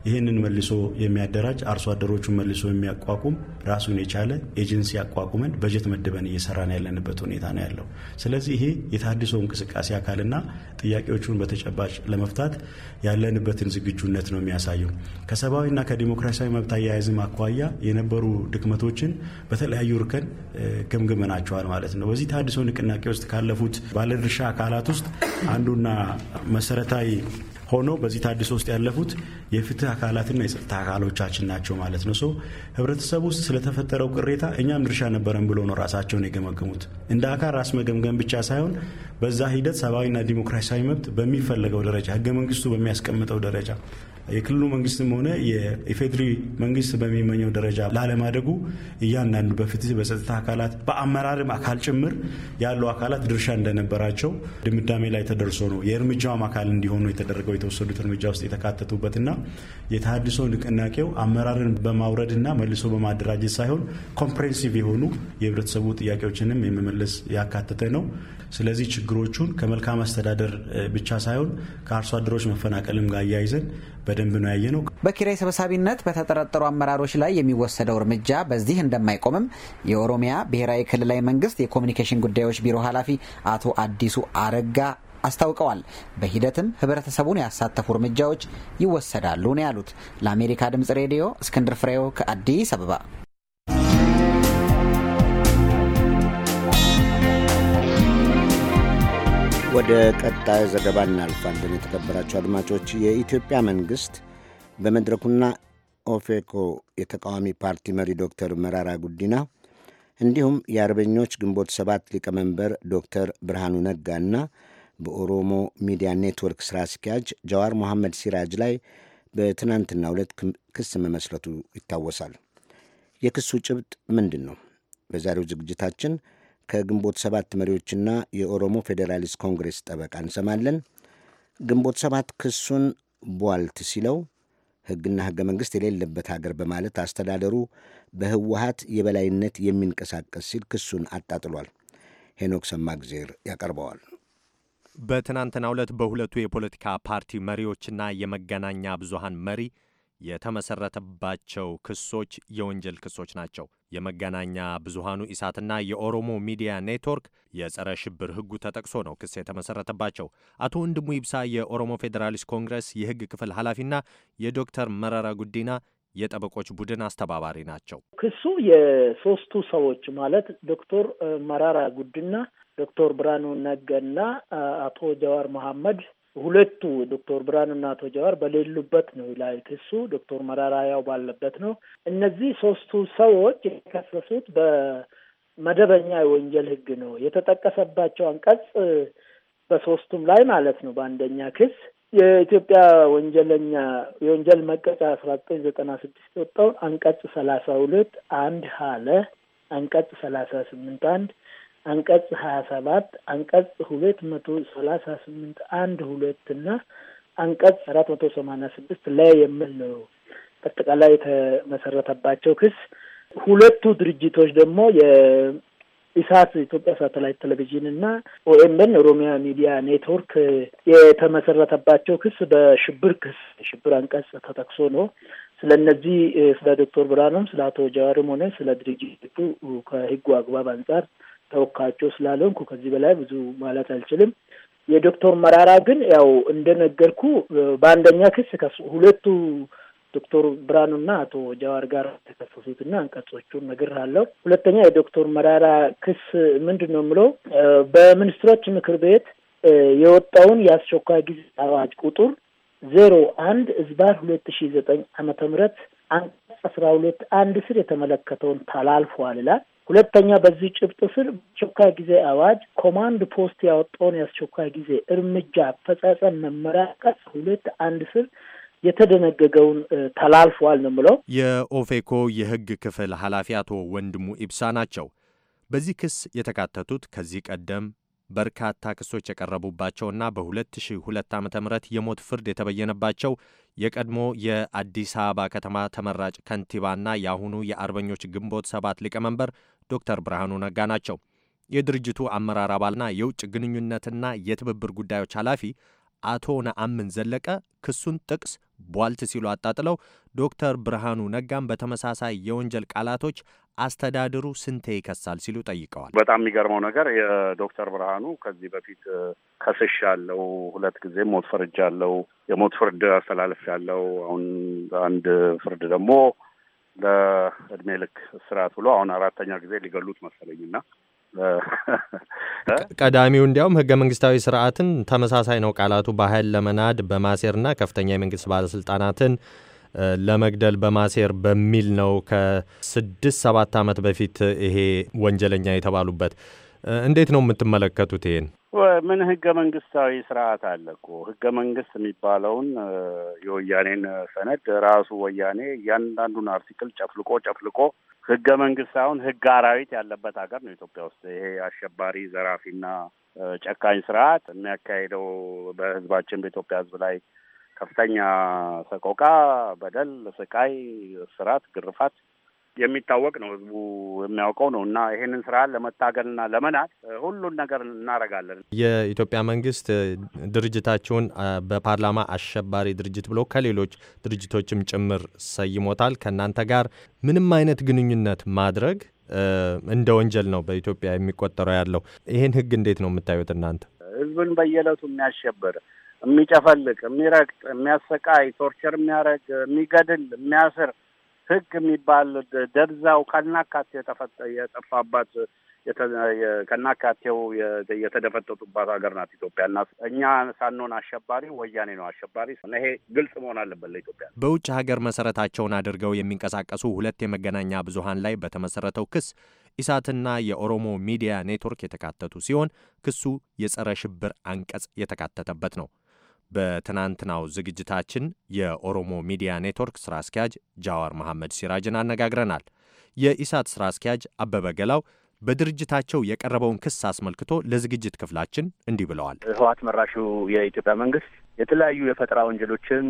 ይህንን መልሶ የሚያደራጅ አርሶ አደሮቹን መልሶ የሚያቋቁም ራሱን የቻለ ኤጀንሲ አቋቁመን በጀት መድበን እየሰራን ያለንበት ሁኔታ ነው ያለው። ስለዚህ ይሄ የታድሶ እንቅስቃሴ አካልና ጥያቄዎቹን በተጨባጭ ለመፍታት ያለንበትን ዝግጁነት ነው የሚያሳየው። ከሰብአዊና ከዲሞክራሲያዊ መብት አያያዝም አኳያ የነበሩ ድክመቶችን በተለያዩ እርከን ገምግመናቸዋል ማለት ነው። በዚህ ተሃድሶ ንቅናቄ ውስጥ ካለፉት ባለድርሻ አካላት ውስጥ አንዱና መሰረታዊ ሆኖ በዚህ ታድሶ ውስጥ ያለፉት የፍትህ አካላትና የጸጥታ አካሎቻችን ናቸው ማለት ነው። ህብረተሰቡ ውስጥ ስለተፈጠረው ቅሬታ እኛም ድርሻ ነበረን ብሎ ነው ራሳቸውን የገመገሙት። እንደ አካል ራስ መገምገም ብቻ ሳይሆን በዛ ሂደት ሰብአዊና ዲሞክራሲያዊ መብት በሚፈለገው ደረጃ ህገ መንግስቱ በሚያስቀምጠው ደረጃ የክልሉ መንግስትም ሆነ የኢፌድሪ መንግስት በሚመኘው ደረጃ ላለማደጉ እያንዳንዱ በፍትህ በጸጥታ አካላት በአመራርም አካል ጭምር ያሉ አካላት ድርሻ እንደነበራቸው ድምዳሜ ላይ ተደርሶ ነው የእርምጃውም አካል እንዲሆኑ የተደረገው የተወሰዱት እርምጃ ውስጥ የተካተቱበትና የተሃድሶ ንቅናቄው አመራርን በማውረድና መልሶ በማደራጀት ሳይሆን ኮምፕሬንሲቭ የሆኑ የህብረተሰቡ ጥያቄዎችንም የመመለስ ያካተተ ነው። ስለዚህ ችግሮቹን ከመልካም አስተዳደር ብቻ ሳይሆን ከአርሶ አደሮች መፈናቀልም ጋር እያይዘን በደንብ ነው ነው። በኪራይ ሰብሳቢነት በተጠረጠሩ አመራሮች ላይ የሚወሰደው እርምጃ በዚህ እንደማይቆምም የኦሮሚያ ብሔራዊ ክልላዊ መንግስት የኮሚኒኬሽን ጉዳዮች ቢሮ ኃላፊ አቶ አዲሱ አረጋ አስታውቀዋል። በሂደትም ህብረተሰቡን ያሳተፉ እርምጃዎች ይወሰዳሉ ነው ያሉት። ለአሜሪካ ድምጽ ሬዲዮ እስክንድር ፍሬው ከአዲስ አበባ ወደ ቀጣይ ዘገባ እናልፋለን። የተከበራቸው አድማጮች፣ የኢትዮጵያ መንግሥት በመድረኩና ኦፌኮ የተቃዋሚ ፓርቲ መሪ ዶክተር መራራ ጉዲና እንዲሁም የአርበኞች ግንቦት ሰባት ሊቀመንበር ዶክተር ብርሃኑ እና በኦሮሞ ሚዲያ ኔትወርክ ስራ አስኪያጅ ጀዋር መሐመድ ሲራጅ ላይ በትናንትና ሁለት ክስ መመስረቱ ይታወሳል። የክሱ ጭብጥ ምንድን ነው? በዛሬው ዝግጅታችን ከግንቦት ሰባት መሪዎችና የኦሮሞ ፌዴራሊስት ኮንግሬስ ጠበቃ እንሰማለን። ግንቦት ሰባት ክሱን ቧልት ሲለው ሕግና ሕገ መንግሥት የሌለበት ሀገር በማለት አስተዳደሩ በህወሀት የበላይነት የሚንቀሳቀስ ሲል ክሱን አጣጥሏል። ሄኖክ ሰማግዜር ያቀርበዋል። በትናንትናው ዕለት በሁለቱ የፖለቲካ ፓርቲ መሪዎችና የመገናኛ ብዙሃን መሪ የተመሰረተባቸው ክሶች የወንጀል ክሶች ናቸው። የመገናኛ ብዙሃኑ ኢሳትና የኦሮሞ ሚዲያ ኔትወርክ የጸረ ሽብር ህጉ ተጠቅሶ ነው ክስ የተመሰረተባቸው። አቶ ወንድሙ ይብሳ የኦሮሞ ፌዴራሊስት ኮንግረስ የህግ ክፍል ኃላፊና የዶክተር መረራ ጉዲና የጠበቆች ቡድን አስተባባሪ ናቸው። ክሱ የሶስቱ ሰዎች ማለት ዶክተር መራራ ጉዲና፣ ዶክተር ብርሃኑ ነገና አቶ ጀዋር መሐመድ ሁለቱ ዶክተር ብርሃን እና አቶ ጀዋር በሌሉበት ነው ይላል ክሱ ዶክተር መራራ ያው ባለበት ነው። እነዚህ ሶስቱ ሰዎች የተከሰሱት በመደበኛ የወንጀል ህግ ነው የተጠቀሰባቸው አንቀጽ በሶስቱም ላይ ማለት ነው። በአንደኛ ክስ የኢትዮጵያ ወንጀለኛ የወንጀል መቀጫ አስራ ዘጠኝ ዘጠና ስድስት የወጣውን አንቀጽ ሰላሳ ሁለት አንድ ሀለ አንቀጽ ሰላሳ ስምንት አንድ አንቀጽ ሀያ ሰባት አንቀጽ ሁለት መቶ ሰላሳ ስምንት አንድ ሁለት እና አንቀጽ አራት መቶ ሰማንያ ስድስት ላይ የሚል ነው። በአጠቃላይ የተመሰረተባቸው ክስ ሁለቱ ድርጅቶች ደግሞ የኢሳት ኢትዮጵያ ሳተላይት ቴሌቪዥን እና ኦኤምኤን ኦሮሚያ ሚዲያ ኔትወርክ የተመሰረተባቸው ክስ በሽብር ክስ ሽብር አንቀጽ ተጠቅሶ ነው። ስለ እነዚህ ስለ ዶክተር ብርሃኑም ስለ አቶ ጀዋርም ሆነ ስለ ድርጅቱ ከህጉ አግባብ አንጻር ተወካያቸው ስላልሆንኩ ከዚህ በላይ ብዙ ማለት አልችልም። የዶክተር መራራ ግን ያው እንደነገርኩ በአንደኛ ክስ ሁለቱ ዶክተር ብርሃኑና አቶ ጃዋር ጋር ተከሰሱትና አንቀጾቹን ነግሬሃለሁ። ሁለተኛ የዶክተር መራራ ክስ ምንድን ነው የምለው በሚኒስትሮች ምክር ቤት የወጣውን የአስቸኳይ ጊዜ አዋጅ ቁጥር ዜሮ አንድ እዝባር ሁለት ሺ ዘጠኝ አመተ ምህረት አንቀጽ አስራ ሁለት አንድ ስር የተመለከተውን ተላልፏል ይላል። ሁለተኛ በዚህ ጭብጥ ስር አስቸኳይ ጊዜ አዋጅ ኮማንድ ፖስት ያወጣውን የአስቸኳይ ጊዜ እርምጃ አፈጻጸም መመሪያ አንቀጽ ሁለት አንድ ስር የተደነገገውን ተላልፏል ነው የምለው። የኦፌኮ የህግ ክፍል ኃላፊ አቶ ወንድሙ ኢብሳ ናቸው። በዚህ ክስ የተካተቱት ከዚህ ቀደም በርካታ ክሶች የቀረቡባቸውና በ2002 ዓ ም የሞት ፍርድ የተበየነባቸው የቀድሞ የአዲስ አበባ ከተማ ተመራጭ ከንቲባና የአሁኑ የአርበኞች ግንቦት ሰባት ሊቀመንበር ዶክተር ብርሃኑ ነጋ ናቸው። የድርጅቱ አመራር አባልና የውጭ ግንኙነትና የትብብር ጉዳዮች ኃላፊ አቶ ነአምን ዘለቀ ክሱን ጥቅስ ቧልት ሲሉ አጣጥለው ዶክተር ብርሃኑ ነጋም በተመሳሳይ የወንጀል ቃላቶች አስተዳደሩ ስንቴ ይከሳል ሲሉ ጠይቀዋል። በጣም የሚገርመው ነገር የዶክተር ብርሃኑ ከዚህ በፊት ከስሽ ያለው ሁለት ጊዜ ሞት ፍርድ ያለው የሞት ፍርድ አስተላለፍ ያለው አሁን አንድ ፍርድ ደግሞ ለእድሜ ልክ እስራት ብሎ አሁን አራተኛ ጊዜ ሊገሉት መሰለኝና ቀዳሚው እንዲያውም ህገ መንግስታዊ ስርዓትን ተመሳሳይ ነው ቃላቱ በኃይል ለመናድ በማሴርና ከፍተኛ የመንግስት ባለስልጣናትን ለመግደል በማሴር በሚል ነው ከስድስት ሰባት ዓመት በፊት ይሄ ወንጀለኛ የተባሉበት። እንዴት ነው የምትመለከቱት ይሄን? ምን ህገ መንግስታዊ ስርዓት አለ እኮ ህገ መንግስት የሚባለውን የወያኔን ሰነድ ራሱ ወያኔ እያንዳንዱን አርቲክል ጨፍልቆ ጨፍልቆ ህገ መንግስት ሳይሆን ህግ አራዊት ያለበት ሀገር ነው ኢትዮጵያ ውስጥ። ይሄ አሸባሪ ዘራፊና ጨካኝ ስርዓት የሚያካሄደው በህዝባችን በኢትዮጵያ ህዝብ ላይ ከፍተኛ ሰቆቃ፣ በደል፣ ስቃይ፣ ስራት፣ ግርፋት የሚታወቅ ነው፣ ህዝቡ የሚያውቀው ነው እና ይሄንን ስራ ለመታገልና ለመናት ሁሉን ነገር እናደርጋለን። የኢትዮጵያ መንግስት ድርጅታችሁን በፓርላማ አሸባሪ ድርጅት ብሎ ከሌሎች ድርጅቶችም ጭምር ሰይሞታል። ከእናንተ ጋር ምንም አይነት ግንኙነት ማድረግ እንደ ወንጀል ነው በኢትዮጵያ የሚቆጠረው ያለው። ይሄን ህግ እንዴት ነው የምታዩት እናንተ? ህዝብን በየዕለቱ የሚያሸብር የሚጨፈልቅ፣ የሚረግጥ፣ የሚያሰቃይ፣ ቶርቸር የሚያረግ የሚገድል፣ የሚያስር ህግ የሚባል ደብዛው ከናካቴው የጠፋባት ከናካቴው የተደፈጠጡባት ሀገር ናት ኢትዮጵያ እና እኛ ሳንሆን አሸባሪ ወያኔ ነው አሸባሪ። ይሄ ግልጽ መሆን አለበት ለኢትዮጵያ። በውጭ ሀገር መሰረታቸውን አድርገው የሚንቀሳቀሱ ሁለት የመገናኛ ብዙሀን ላይ በተመሰረተው ክስ ኢሳትና የኦሮሞ ሚዲያ ኔትወርክ የተካተቱ ሲሆን ክሱ የጸረ ሽብር አንቀጽ የተካተተበት ነው። በትናንትናው ዝግጅታችን የኦሮሞ ሚዲያ ኔትወርክ ሥራ አስኪያጅ ጃዋር መሐመድ ሲራጅን አነጋግረናል። የኢሳት ሥራ አስኪያጅ አበበ ገላው በድርጅታቸው የቀረበውን ክስ አስመልክቶ ለዝግጅት ክፍላችን እንዲህ ብለዋል። ህወሓት መራሹ የኢትዮጵያ መንግስት የተለያዩ የፈጠራ ወንጀሎችን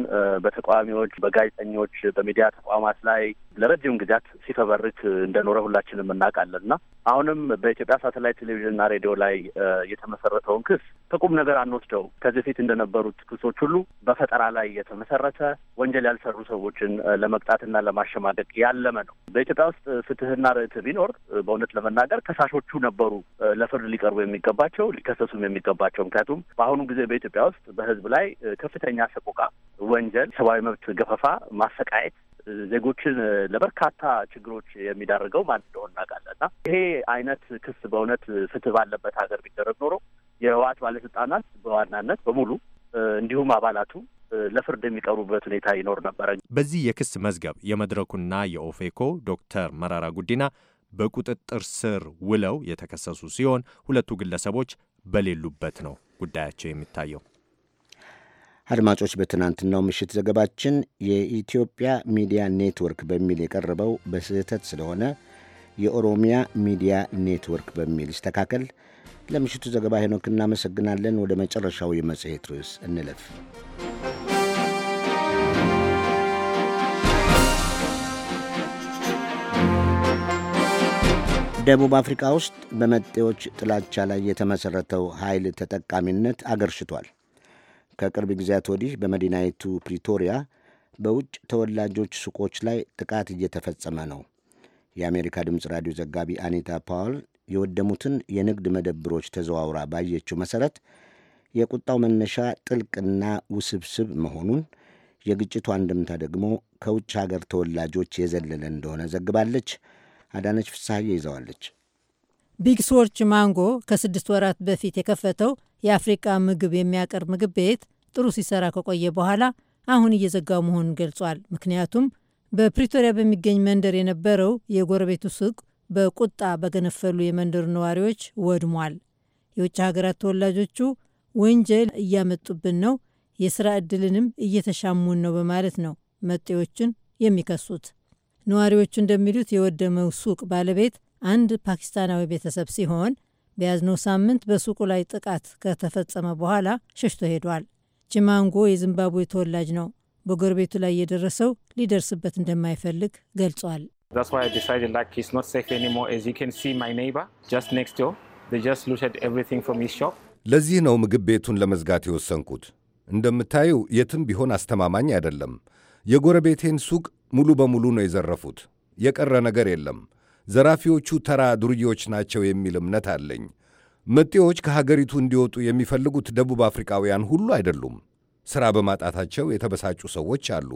በተቃዋሚዎች፣ በጋዜጠኞች፣ በሚዲያ ተቋማት ላይ ለረጅም ጊዜያት ሲፈበርክ እንደኖረ ሁላችንም እናውቃለን እና አሁንም በኢትዮጵያ ሳተላይት ቴሌቪዥንና ሬዲዮ ላይ የተመሰረተውን ክስ ከቁም ነገር አንወስደው። ከዚህ በፊት እንደነበሩት ክሶች ሁሉ በፈጠራ ላይ የተመሰረተ ወንጀል ያልሰሩ ሰዎችን ለመቅጣትና ለማሸማደቅ ያለመ ነው። በኢትዮጵያ ውስጥ ፍትህና ርዕት ቢኖር በእውነት ለመናገር ከሳሾቹ ነበሩ ለፍርድ ሊቀርቡ የሚገባቸው ሊከሰሱም የሚገባቸው። ምክንያቱም በአሁኑ ጊዜ በኢትዮጵያ ውስጥ በህዝብ ላይ ከፍተኛ ሰቆቃ፣ ወንጀል፣ ሰብአዊ መብት ገፈፋ፣ ማሰቃየት ዜጎችን ለበርካታ ችግሮች የሚዳርገው ማን እንደሆነ እናውቃለን እና ይሄ አይነት ክስ በእውነት ፍትህ ባለበት ሀገር ቢደረግ ኖሮ የህወሓት ባለስልጣናት በዋናነት በሙሉ እንዲሁም አባላቱ ለፍርድ የሚቀርቡበት ሁኔታ ይኖር ነበረ። በዚህ የክስ መዝገብ የመድረኩና የኦፌኮ ዶክተር መራራ ጉዲና በቁጥጥር ስር ውለው የተከሰሱ ሲሆን ሁለቱ ግለሰቦች በሌሉበት ነው ጉዳያቸው የሚታየው። አድማጮች በትናንትናው ምሽት ዘገባችን የኢትዮጵያ ሚዲያ ኔትወርክ በሚል የቀረበው በስህተት ስለሆነ የኦሮሚያ ሚዲያ ኔትወርክ በሚል ይስተካከል። ለምሽቱ ዘገባ ሄኖክ እናመሰግናለን። ወደ መጨረሻው የመጽሔት ርዕስ እንለፍ። ደቡብ አፍሪካ ውስጥ በመጤዎች ጥላቻ ላይ የተመሠረተው ኃይል ተጠቃሚነት አገርሽቷል። ከቅርብ ጊዜያት ወዲህ በመዲናይቱ ፕሪቶሪያ በውጭ ተወላጆች ሱቆች ላይ ጥቃት እየተፈጸመ ነው። የአሜሪካ ድምፅ ራዲዮ ዘጋቢ አኒታ ፓውል የወደሙትን የንግድ መደብሮች ተዘዋውራ ባየችው መሠረት የቁጣው መነሻ ጥልቅና ውስብስብ መሆኑን የግጭቱ አንድምታ ደግሞ ከውጭ ሀገር ተወላጆች የዘለለ እንደሆነ ዘግባለች። አዳነች ፍስሐዬ ይዘዋለች። ቢግ ሶርች ማንጎ ከስድስት ወራት በፊት የከፈተው የአፍሪቃ ምግብ የሚያቀርብ ምግብ ቤት ጥሩ ሲሰራ ከቆየ በኋላ አሁን እየዘጋው መሆኑን ገልጿል። ምክንያቱም በፕሪቶሪያ በሚገኝ መንደር የነበረው የጎረቤቱ ሱቅ በቁጣ በገነፈሉ የመንደሩ ነዋሪዎች ወድሟል። የውጭ ሀገራት ተወላጆቹ ወንጀል እያመጡብን ነው፣ የስራ ዕድልንም እየተሻሙን ነው በማለት ነው መጤዎችን የሚከሱት። ነዋሪዎቹ እንደሚሉት የወደመው ሱቅ ባለቤት አንድ ፓኪስታናዊ ቤተሰብ ሲሆን በያዝነው ሳምንት በሱቁ ላይ ጥቃት ከተፈጸመ በኋላ ሸሽቶ ሄዷል። ቺማንጎ የዚምባብዌ ተወላጅ ነው። በጎረቤቱ ላይ የደረሰው ሊደርስበት እንደማይፈልግ ገልጿል። ለዚህ ነው ምግብ ቤቱን ለመዝጋት የወሰንኩት። እንደምታዩ የትም ቢሆን አስተማማኝ አይደለም። የጎረቤቴን ሱቅ ሙሉ በሙሉ ነው የዘረፉት። የቀረ ነገር የለም። ዘራፊዎቹ ተራ ዱርዬዎች ናቸው የሚል እምነት አለኝ። መጤዎች ከሀገሪቱ እንዲወጡ የሚፈልጉት ደቡብ አፍሪካውያን ሁሉ አይደሉም። ሥራ በማጣታቸው የተበሳጩ ሰዎች አሉ።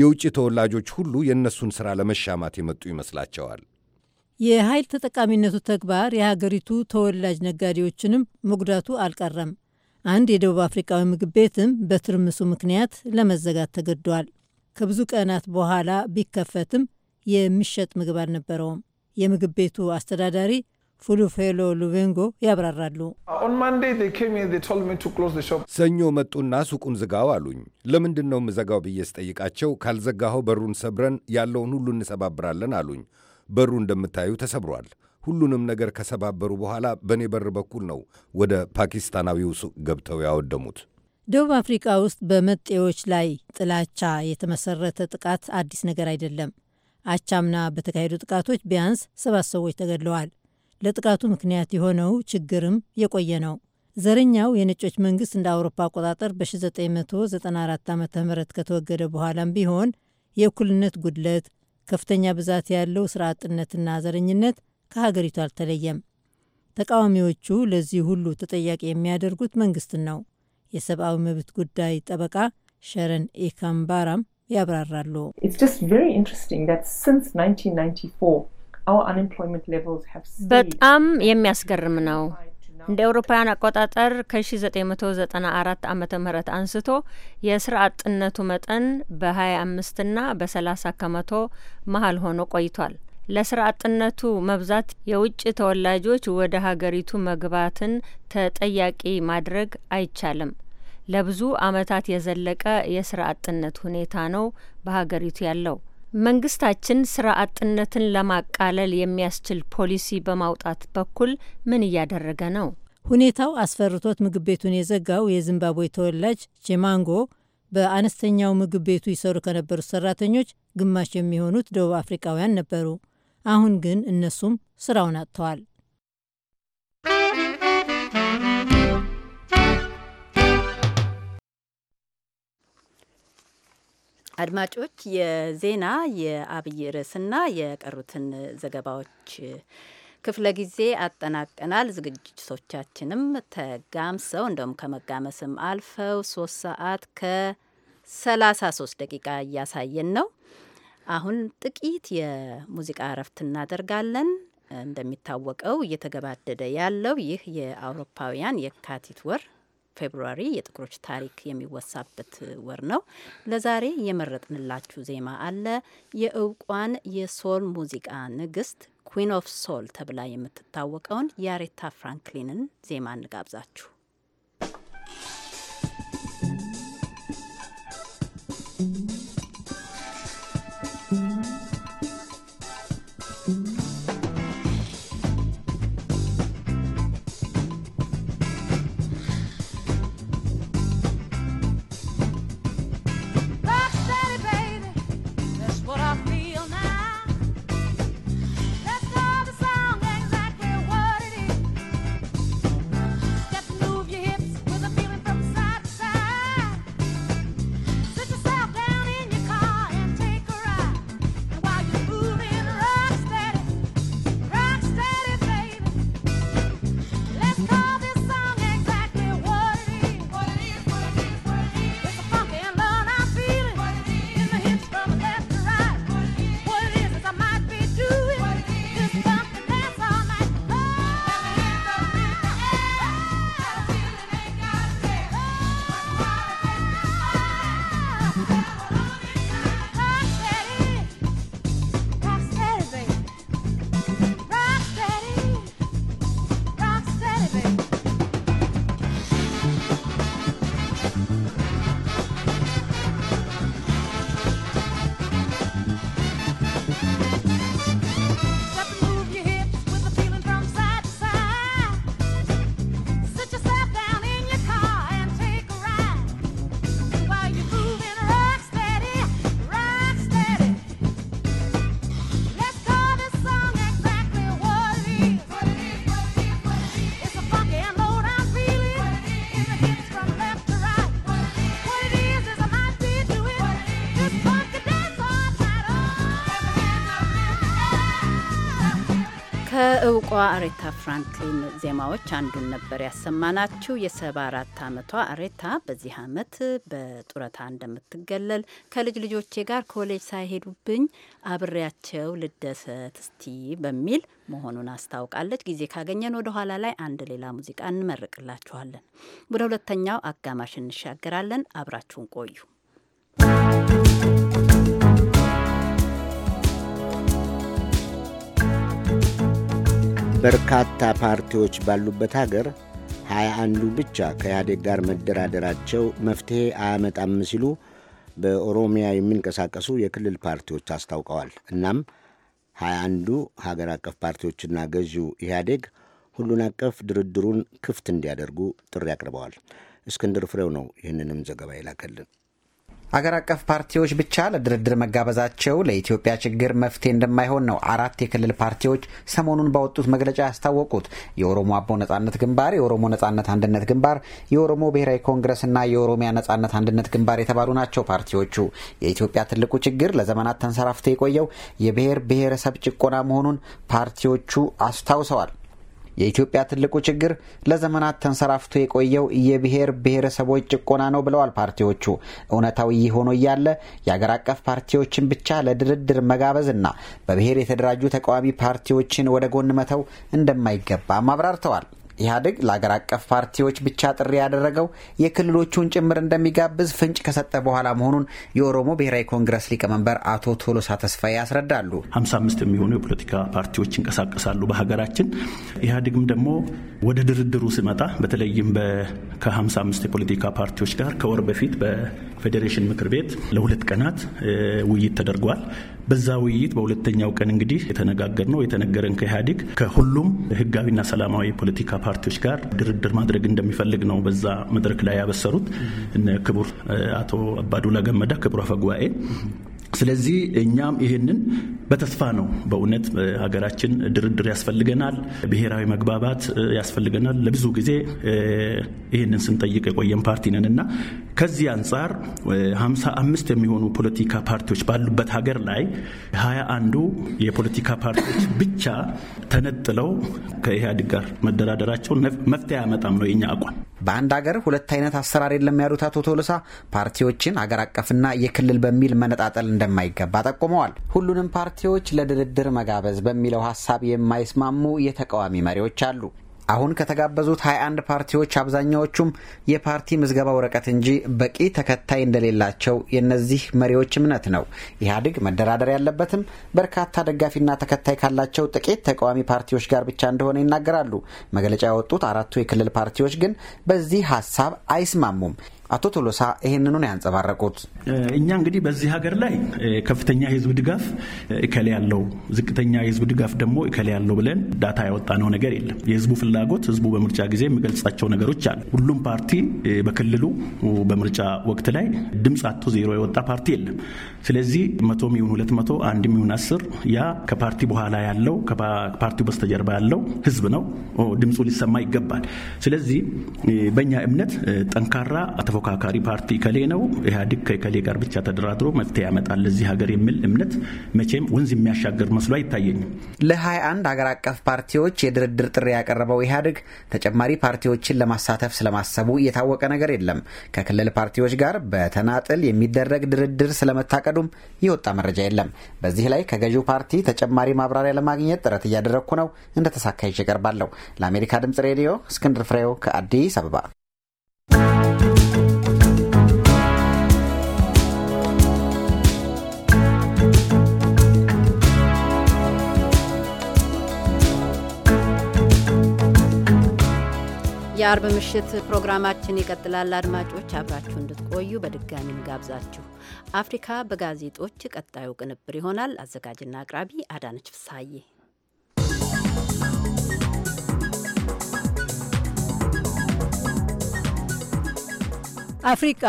የውጭ ተወላጆች ሁሉ የእነሱን ሥራ ለመሻማት የመጡ ይመስላቸዋል። የኃይል ተጠቃሚነቱ ተግባር የሀገሪቱ ተወላጅ ነጋዴዎችንም መጉዳቱ አልቀረም። አንድ የደቡብ አፍሪካዊ ምግብ ቤትም በትርምሱ ምክንያት ለመዘጋት ተገዷል። ከብዙ ቀናት በኋላ ቢከፈትም የሚሸጥ ምግብ አልነበረውም። የምግብ ቤቱ አስተዳዳሪ ፉሉፌሎ ሉቬንጎ ያብራራሉ። ሰኞ መጡና ሱቁን ዝጋው አሉኝ። ለምንድን ነው ምዘጋው ብዬ ስጠይቃቸው ካልዘጋኸው በሩን ሰብረን ያለውን ሁሉ እንሰባብራለን አሉኝ። በሩ እንደምታዩ ተሰብሯል። ሁሉንም ነገር ከሰባበሩ በኋላ በእኔ በር በኩል ነው ወደ ፓኪስታናዊው ሱቅ ገብተው ያወደሙት። ደቡብ አፍሪካ ውስጥ በመጤዎች ላይ ጥላቻ የተመሰረተ ጥቃት አዲስ ነገር አይደለም። አቻምና በተካሄዱ ጥቃቶች ቢያንስ ሰባት ሰዎች ተገድለዋል። ለጥቃቱ ምክንያት የሆነው ችግርም የቆየ ነው። ዘረኛው የነጮች መንግስት እንደ አውሮፓ አቆጣጠር በ1994 ዓ ም ከተወገደ በኋላም ቢሆን የእኩልነት ጉድለት፣ ከፍተኛ ብዛት ያለው ስራ አጥነትና ዘረኝነት ከሀገሪቱ አልተለየም። ተቃዋሚዎቹ ለዚህ ሁሉ ተጠያቂ የሚያደርጉት መንግስትን ነው። የሰብአዊ መብት ጉዳይ ጠበቃ ሸረን ኢካምባራም ያብራራሉ። በጣም የሚያስገርም ነው። እንደ አውሮፓውያን አቆጣጠር ከ1994 ዓመተ ምህረት አንስቶ የስራ አጥነቱ መጠን በ25 ና በ30 ከመቶ መሀል ሆኖ ቆይቷል። ለስራ አጥነቱ መብዛት የውጭ ተወላጆች ወደ ሀገሪቱ መግባትን ተጠያቂ ማድረግ አይቻልም። ለብዙ ዓመታት የዘለቀ የስራ አጥነት ሁኔታ ነው በሀገሪቱ ያለው። መንግስታችን ስራ አጥነትን ለማቃለል የሚያስችል ፖሊሲ በማውጣት በኩል ምን እያደረገ ነው? ሁኔታው አስፈርቶት ምግብ ቤቱን የዘጋው የዚምባብዌ ተወላጅ ቼማንጎ በአነስተኛው ምግብ ቤቱ ይሰሩ ከነበሩ ሰራተኞች ግማሽ የሚሆኑት ደቡብ አፍሪካውያን ነበሩ። አሁን ግን እነሱም ስራውን አጥተዋል። አድማጮች የዜና የአብይ ርዕስና የቀሩትን ዘገባዎች ክፍለ ጊዜ አጠናቀናል። ዝግጅቶቻችንም ተጋምሰው እንደውም ከመጋመስም አልፈው ሶስት ሰዓት ከሰላሳ ሶስት ደቂቃ እያሳየን ነው። አሁን ጥቂት የሙዚቃ እረፍት እናደርጋለን። እንደሚታወቀው እየተገባደደ ያለው ይህ የአውሮፓውያን የካቲት ወር ፌብሩዋሪ የጥቁሮች ታሪክ የሚወሳበት ወር ነው። ለዛሬ የመረጥንላችሁ ዜማ አለ። የእውቋን የሶል ሙዚቃ ንግስት ኩዊን ኦፍ ሶል ተብላ የምትታወቀውን የአሬታ ፍራንክሊንን ዜማ እንጋብዛችሁ። Thank you. ታላቋ አሬታ ፍራንክሊን ዜማዎች አንዱን ነበር ያሰማናችሁ የሰባ አራት ዓመቷ አሬታ በዚህ ዓመት በጡረታ እንደምትገለል ከልጅ ልጆቼ ጋር ኮሌጅ ሳይሄዱብኝ አብሬያቸው ልደሰት እስቲ በሚል መሆኑን አስታውቃለች። ጊዜ ካገኘን ወደ ኋላ ላይ አንድ ሌላ ሙዚቃ እንመርቅላችኋለን። ወደ ሁለተኛው አጋማሽ እንሻገራለን። አብራችሁን ቆዩ። በርካታ ፓርቲዎች ባሉበት ሀገር ሀያ አንዱ ብቻ ከኢህአዴግ ጋር መደራደራቸው መፍትሄ አያመጣም ሲሉ በኦሮሚያ የሚንቀሳቀሱ የክልል ፓርቲዎች አስታውቀዋል። እናም ሀያ አንዱ ሀገር አቀፍ ፓርቲዎችና ገዢው ኢህአዴግ ሁሉን አቀፍ ድርድሩን ክፍት እንዲያደርጉ ጥሪ አቅርበዋል። እስክንድር ፍሬው ነው ይህንንም ዘገባ ይላከልን። አገር አቀፍ ፓርቲዎች ብቻ ለድርድር መጋበዛቸው ለኢትዮጵያ ችግር መፍትሄ እንደማይሆን ነው አራት የክልል ፓርቲዎች ሰሞኑን ባወጡት መግለጫ ያስታወቁት። የኦሮሞ አቦ ነጻነት ግንባር፣ የኦሮሞ ነጻነት አንድነት ግንባር፣ የኦሮሞ ብሔራዊ ኮንግረስና የኦሮሚያ ነጻነት አንድነት ግንባር የተባሉ ናቸው ፓርቲዎቹ። የኢትዮጵያ ትልቁ ችግር ለዘመናት ተንሰራፍቶ የቆየው የብሔር ብሔረሰብ ጭቆና መሆኑን ፓርቲዎቹ አስታውሰዋል። የኢትዮጵያ ትልቁ ችግር ለዘመናት ተንሰራፍቶ የቆየው የብሔር ብሔረሰቦች ጭቆና ነው ብለዋል ፓርቲዎቹ። እውነታው ይህ ሆኖ እያለ የአገር አቀፍ ፓርቲዎችን ብቻ ለድርድር መጋበዝና በብሔር የተደራጁ ተቃዋሚ ፓርቲዎችን ወደ ጎን መተው እንደማይገባም አብራርተዋል። ኢህአዴግ ለአገር አቀፍ ፓርቲዎች ብቻ ጥሪ ያደረገው የክልሎቹን ጭምር እንደሚጋብዝ ፍንጭ ከሰጠ በኋላ መሆኑን የኦሮሞ ብሔራዊ ኮንግረስ ሊቀመንበር አቶ ቶሎሳ ተስፋዬ ያስረዳሉ። 55 የሚሆኑ የፖለቲካ ፓርቲዎች ይንቀሳቀሳሉ በሀገራችን። ኢህአዴግም ደግሞ ወደ ድርድሩ ሲመጣ በተለይም ከ55 የፖለቲካ ፓርቲዎች ጋር ከወር በፊት በፌዴሬሽን ምክር ቤት ለሁለት ቀናት ውይይት ተደርጓል። በዛ ውይይት በሁለተኛው ቀን እንግዲህ የተነጋገር ነው የተነገረን ከኢህአዴግ ከሁሉም ህጋዊና ሰላማዊ የፖለቲካ ፓርቲዎች ጋር ድርድር ማድረግ እንደሚፈልግ ነው በዛ መድረክ ላይ ያበሰሩት ክቡር አቶ አባዱላ ገመዳ ክቡር አፈጉባኤ ስለዚህ እኛም ይህንን በተስፋ ነው። በእውነት ሀገራችን ድርድር ያስፈልገናል፣ ብሔራዊ መግባባት ያስፈልገናል። ለብዙ ጊዜ ይህንን ስንጠይቅ የቆየን ፓርቲ ነን እና ከዚህ አንጻር ሃምሳ አምስት የሚሆኑ ፖለቲካ ፓርቲዎች ባሉበት ሀገር ላይ ሀያ አንዱ የፖለቲካ ፓርቲዎች ብቻ ተነጥለው ከኢህአዴግ ጋር መደራደራቸው መፍትሄ አያመጣም ነው የኛ አቋም። በአንድ ሀገር ሁለት አይነት አሰራር የለም ያሉት አቶ ቶሎሳ ፓርቲዎችን አገር አቀፍና የክልል በሚል መነጣጠል እንደማይገባ ጠቁመዋል። ሁሉንም ፓርቲዎች ለድርድር መጋበዝ በሚለው ሀሳብ የማይስማሙ የተቃዋሚ መሪዎች አሉ። አሁን ከተጋበዙት 21 ፓርቲዎች አብዛኛዎቹም የፓርቲ ምዝገባ ወረቀት እንጂ በቂ ተከታይ እንደሌላቸው የእነዚህ መሪዎች እምነት ነው። ኢህአዴግ መደራደር ያለበትም በርካታ ደጋፊና ተከታይ ካላቸው ጥቂት ተቃዋሚ ፓርቲዎች ጋር ብቻ እንደሆነ ይናገራሉ። መግለጫ ያወጡት አራቱ የክልል ፓርቲዎች ግን በዚህ ሀሳብ አይስማሙም። አቶ ቶሎሳ ይህንኑ ነው ያንጸባረቁት። እኛ እንግዲህ በዚህ ሀገር ላይ ከፍተኛ የህዝብ ድጋፍ እከሌ ያለው፣ ዝቅተኛ የህዝብ ድጋፍ ደግሞ እከሌ ያለው ብለን ዳታ ያወጣነው ነገር የለም። የህዝቡ ፍላጎት ህዝቡ በምርጫ ጊዜ የሚገልጻቸው ነገሮች አሉ። ሁሉም ፓርቲ በክልሉ በምርጫ ወቅት ላይ ድምፅ አቶ ዜሮ የወጣ ፓርቲ የለም። ስለዚህ መቶም ሚሆን ሁለት መቶ አንድ ይሁን አስር ያ ከፓርቲ በኋላ ያለው ከፓርቲው በስተጀርባ ያለው ህዝብ ነው፣ ድምፁ ሊሰማ ይገባል። ስለዚህ በእኛ እምነት ጠንካራ ተፎካካሪ ፓርቲ ከሌ ነው ኢህአዴግ ከከሌ ጋር ብቻ ተደራድሮ መፍትሄ ያመጣል ለዚህ ሀገር የሚል እምነት መቼም ወንዝ የሚያሻገር መስሎ አይታየኝም። ለ21 ሀገር አቀፍ ፓርቲዎች የድርድር ጥሪ ያቀረበው ኢህአዴግ ተጨማሪ ፓርቲዎችን ለማሳተፍ ስለማሰቡ የታወቀ ነገር የለም። ከክልል ፓርቲዎች ጋር በተናጥል የሚደረግ ድርድር ስለመታቀዱም የወጣ መረጃ የለም። በዚህ ላይ ከገዢው ፓርቲ ተጨማሪ ማብራሪያ ለማግኘት ጥረት እያደረግኩ ነው። እንደተሳካ ይዤ እቀርባለሁ። ለአሜሪካ ድምጽ ሬዲዮ እስክንድር ፍሬው ከአዲስ አበባ የአርብ ምሽት ፕሮግራማችን ይቀጥላል። አድማጮች አብራችሁ እንድትቆዩ በድጋሚ እንጋብዛችሁ። አፍሪካ በጋዜጦች ቀጣዩ ቅንብር ይሆናል። አዘጋጅና አቅራቢ አዳነች ፍሳዬ። አፍሪቃ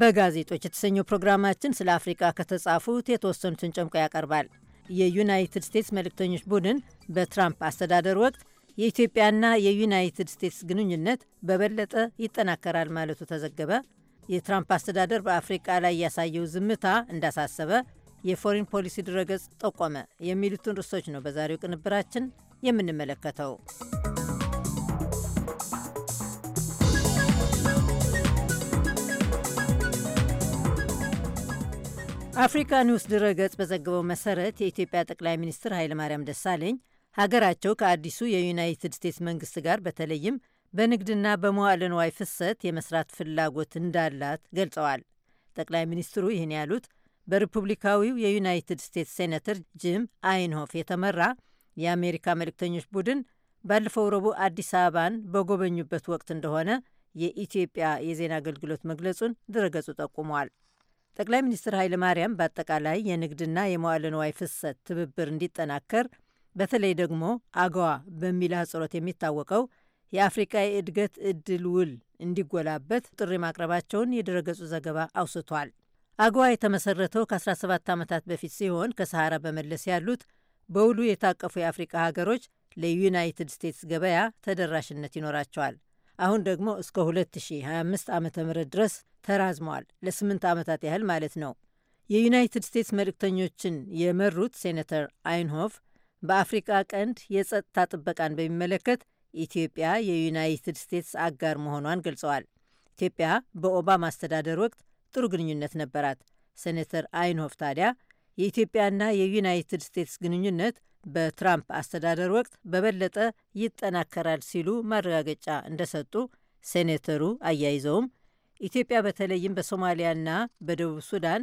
በጋዜጦች የተሰኘው ፕሮግራማችን ስለ አፍሪቃ ከተጻፉት የተወሰኑትን ጨምቆ ያቀርባል። የዩናይትድ ስቴትስ መልእክተኞች ቡድን በትራምፕ አስተዳደር ወቅት የኢትዮጵያና የዩናይትድ ስቴትስ ግንኙነት በበለጠ ይጠናከራል ማለቱ ተዘገበ። የትራምፕ አስተዳደር በአፍሪቃ ላይ ያሳየው ዝምታ እንዳሳሰበ የፎሪን ፖሊሲ ድረገጽ ጠቆመ። የሚሉትን ርዕሶች ነው በዛሬው ቅንብራችን የምንመለከተው። አፍሪካ ኒውስ ድረገጽ በዘገበው መሰረት የኢትዮጵያ ጠቅላይ ሚኒስትር ኃይለማርያም ደሳለኝ ሀገራቸው ከአዲሱ የዩናይትድ ስቴትስ መንግስት ጋር በተለይም በንግድና በመዋልንዋይ ንዋይ ፍሰት የመስራት ፍላጎት እንዳላት ገልጸዋል። ጠቅላይ ሚኒስትሩ ይህን ያሉት በሪፑብሊካዊው የዩናይትድ ስቴትስ ሴኔተር ጂም አይንሆፍ የተመራ የአሜሪካ መልእክተኞች ቡድን ባለፈው ረቡዕ አዲስ አበባን በጎበኙበት ወቅት እንደሆነ የኢትዮጵያ የዜና አገልግሎት መግለጹን ድረገጹ ጠቁሟል። ጠቅላይ ሚኒስትር ኃይለ ማርያም በአጠቃላይ የንግድና የመዋዕለ ንዋይ ፍሰት ትብብር እንዲጠናከር በተለይ ደግሞ አገዋ በሚል አህጽሮት የሚታወቀው የአፍሪቃ የእድገት እድል ውል እንዲጎላበት ጥሪ ማቅረባቸውን የድረገጹ ዘገባ አውስቷል። አገዋ የተመሰረተው ከ17 ዓመታት በፊት ሲሆን ከሰሃራ በመለስ ያሉት በውሉ የታቀፉ የአፍሪቃ ሀገሮች ለዩናይትድ ስቴትስ ገበያ ተደራሽነት ይኖራቸዋል። አሁን ደግሞ እስከ 2025 ዓ ም ድረስ ተራዝመዋል። ለ8 ዓመታት ያህል ማለት ነው። የዩናይትድ ስቴትስ መልእክተኞችን የመሩት ሴኔተር አይንሆፍ በአፍሪቃ ቀንድ የጸጥታ ጥበቃን በሚመለከት ኢትዮጵያ የዩናይትድ ስቴትስ አጋር መሆኗን ገልጸዋል። ኢትዮጵያ በኦባማ አስተዳደር ወቅት ጥሩ ግንኙነት ነበራት። ሴኔተር አይንሆፍ ታዲያ የኢትዮጵያና የዩናይትድ ስቴትስ ግንኙነት በትራምፕ አስተዳደር ወቅት በበለጠ ይጠናከራል ሲሉ ማረጋገጫ እንደሰጡ ሴኔተሩ አያይዘውም ኢትዮጵያ በተለይም በሶማሊያና በደቡብ ሱዳን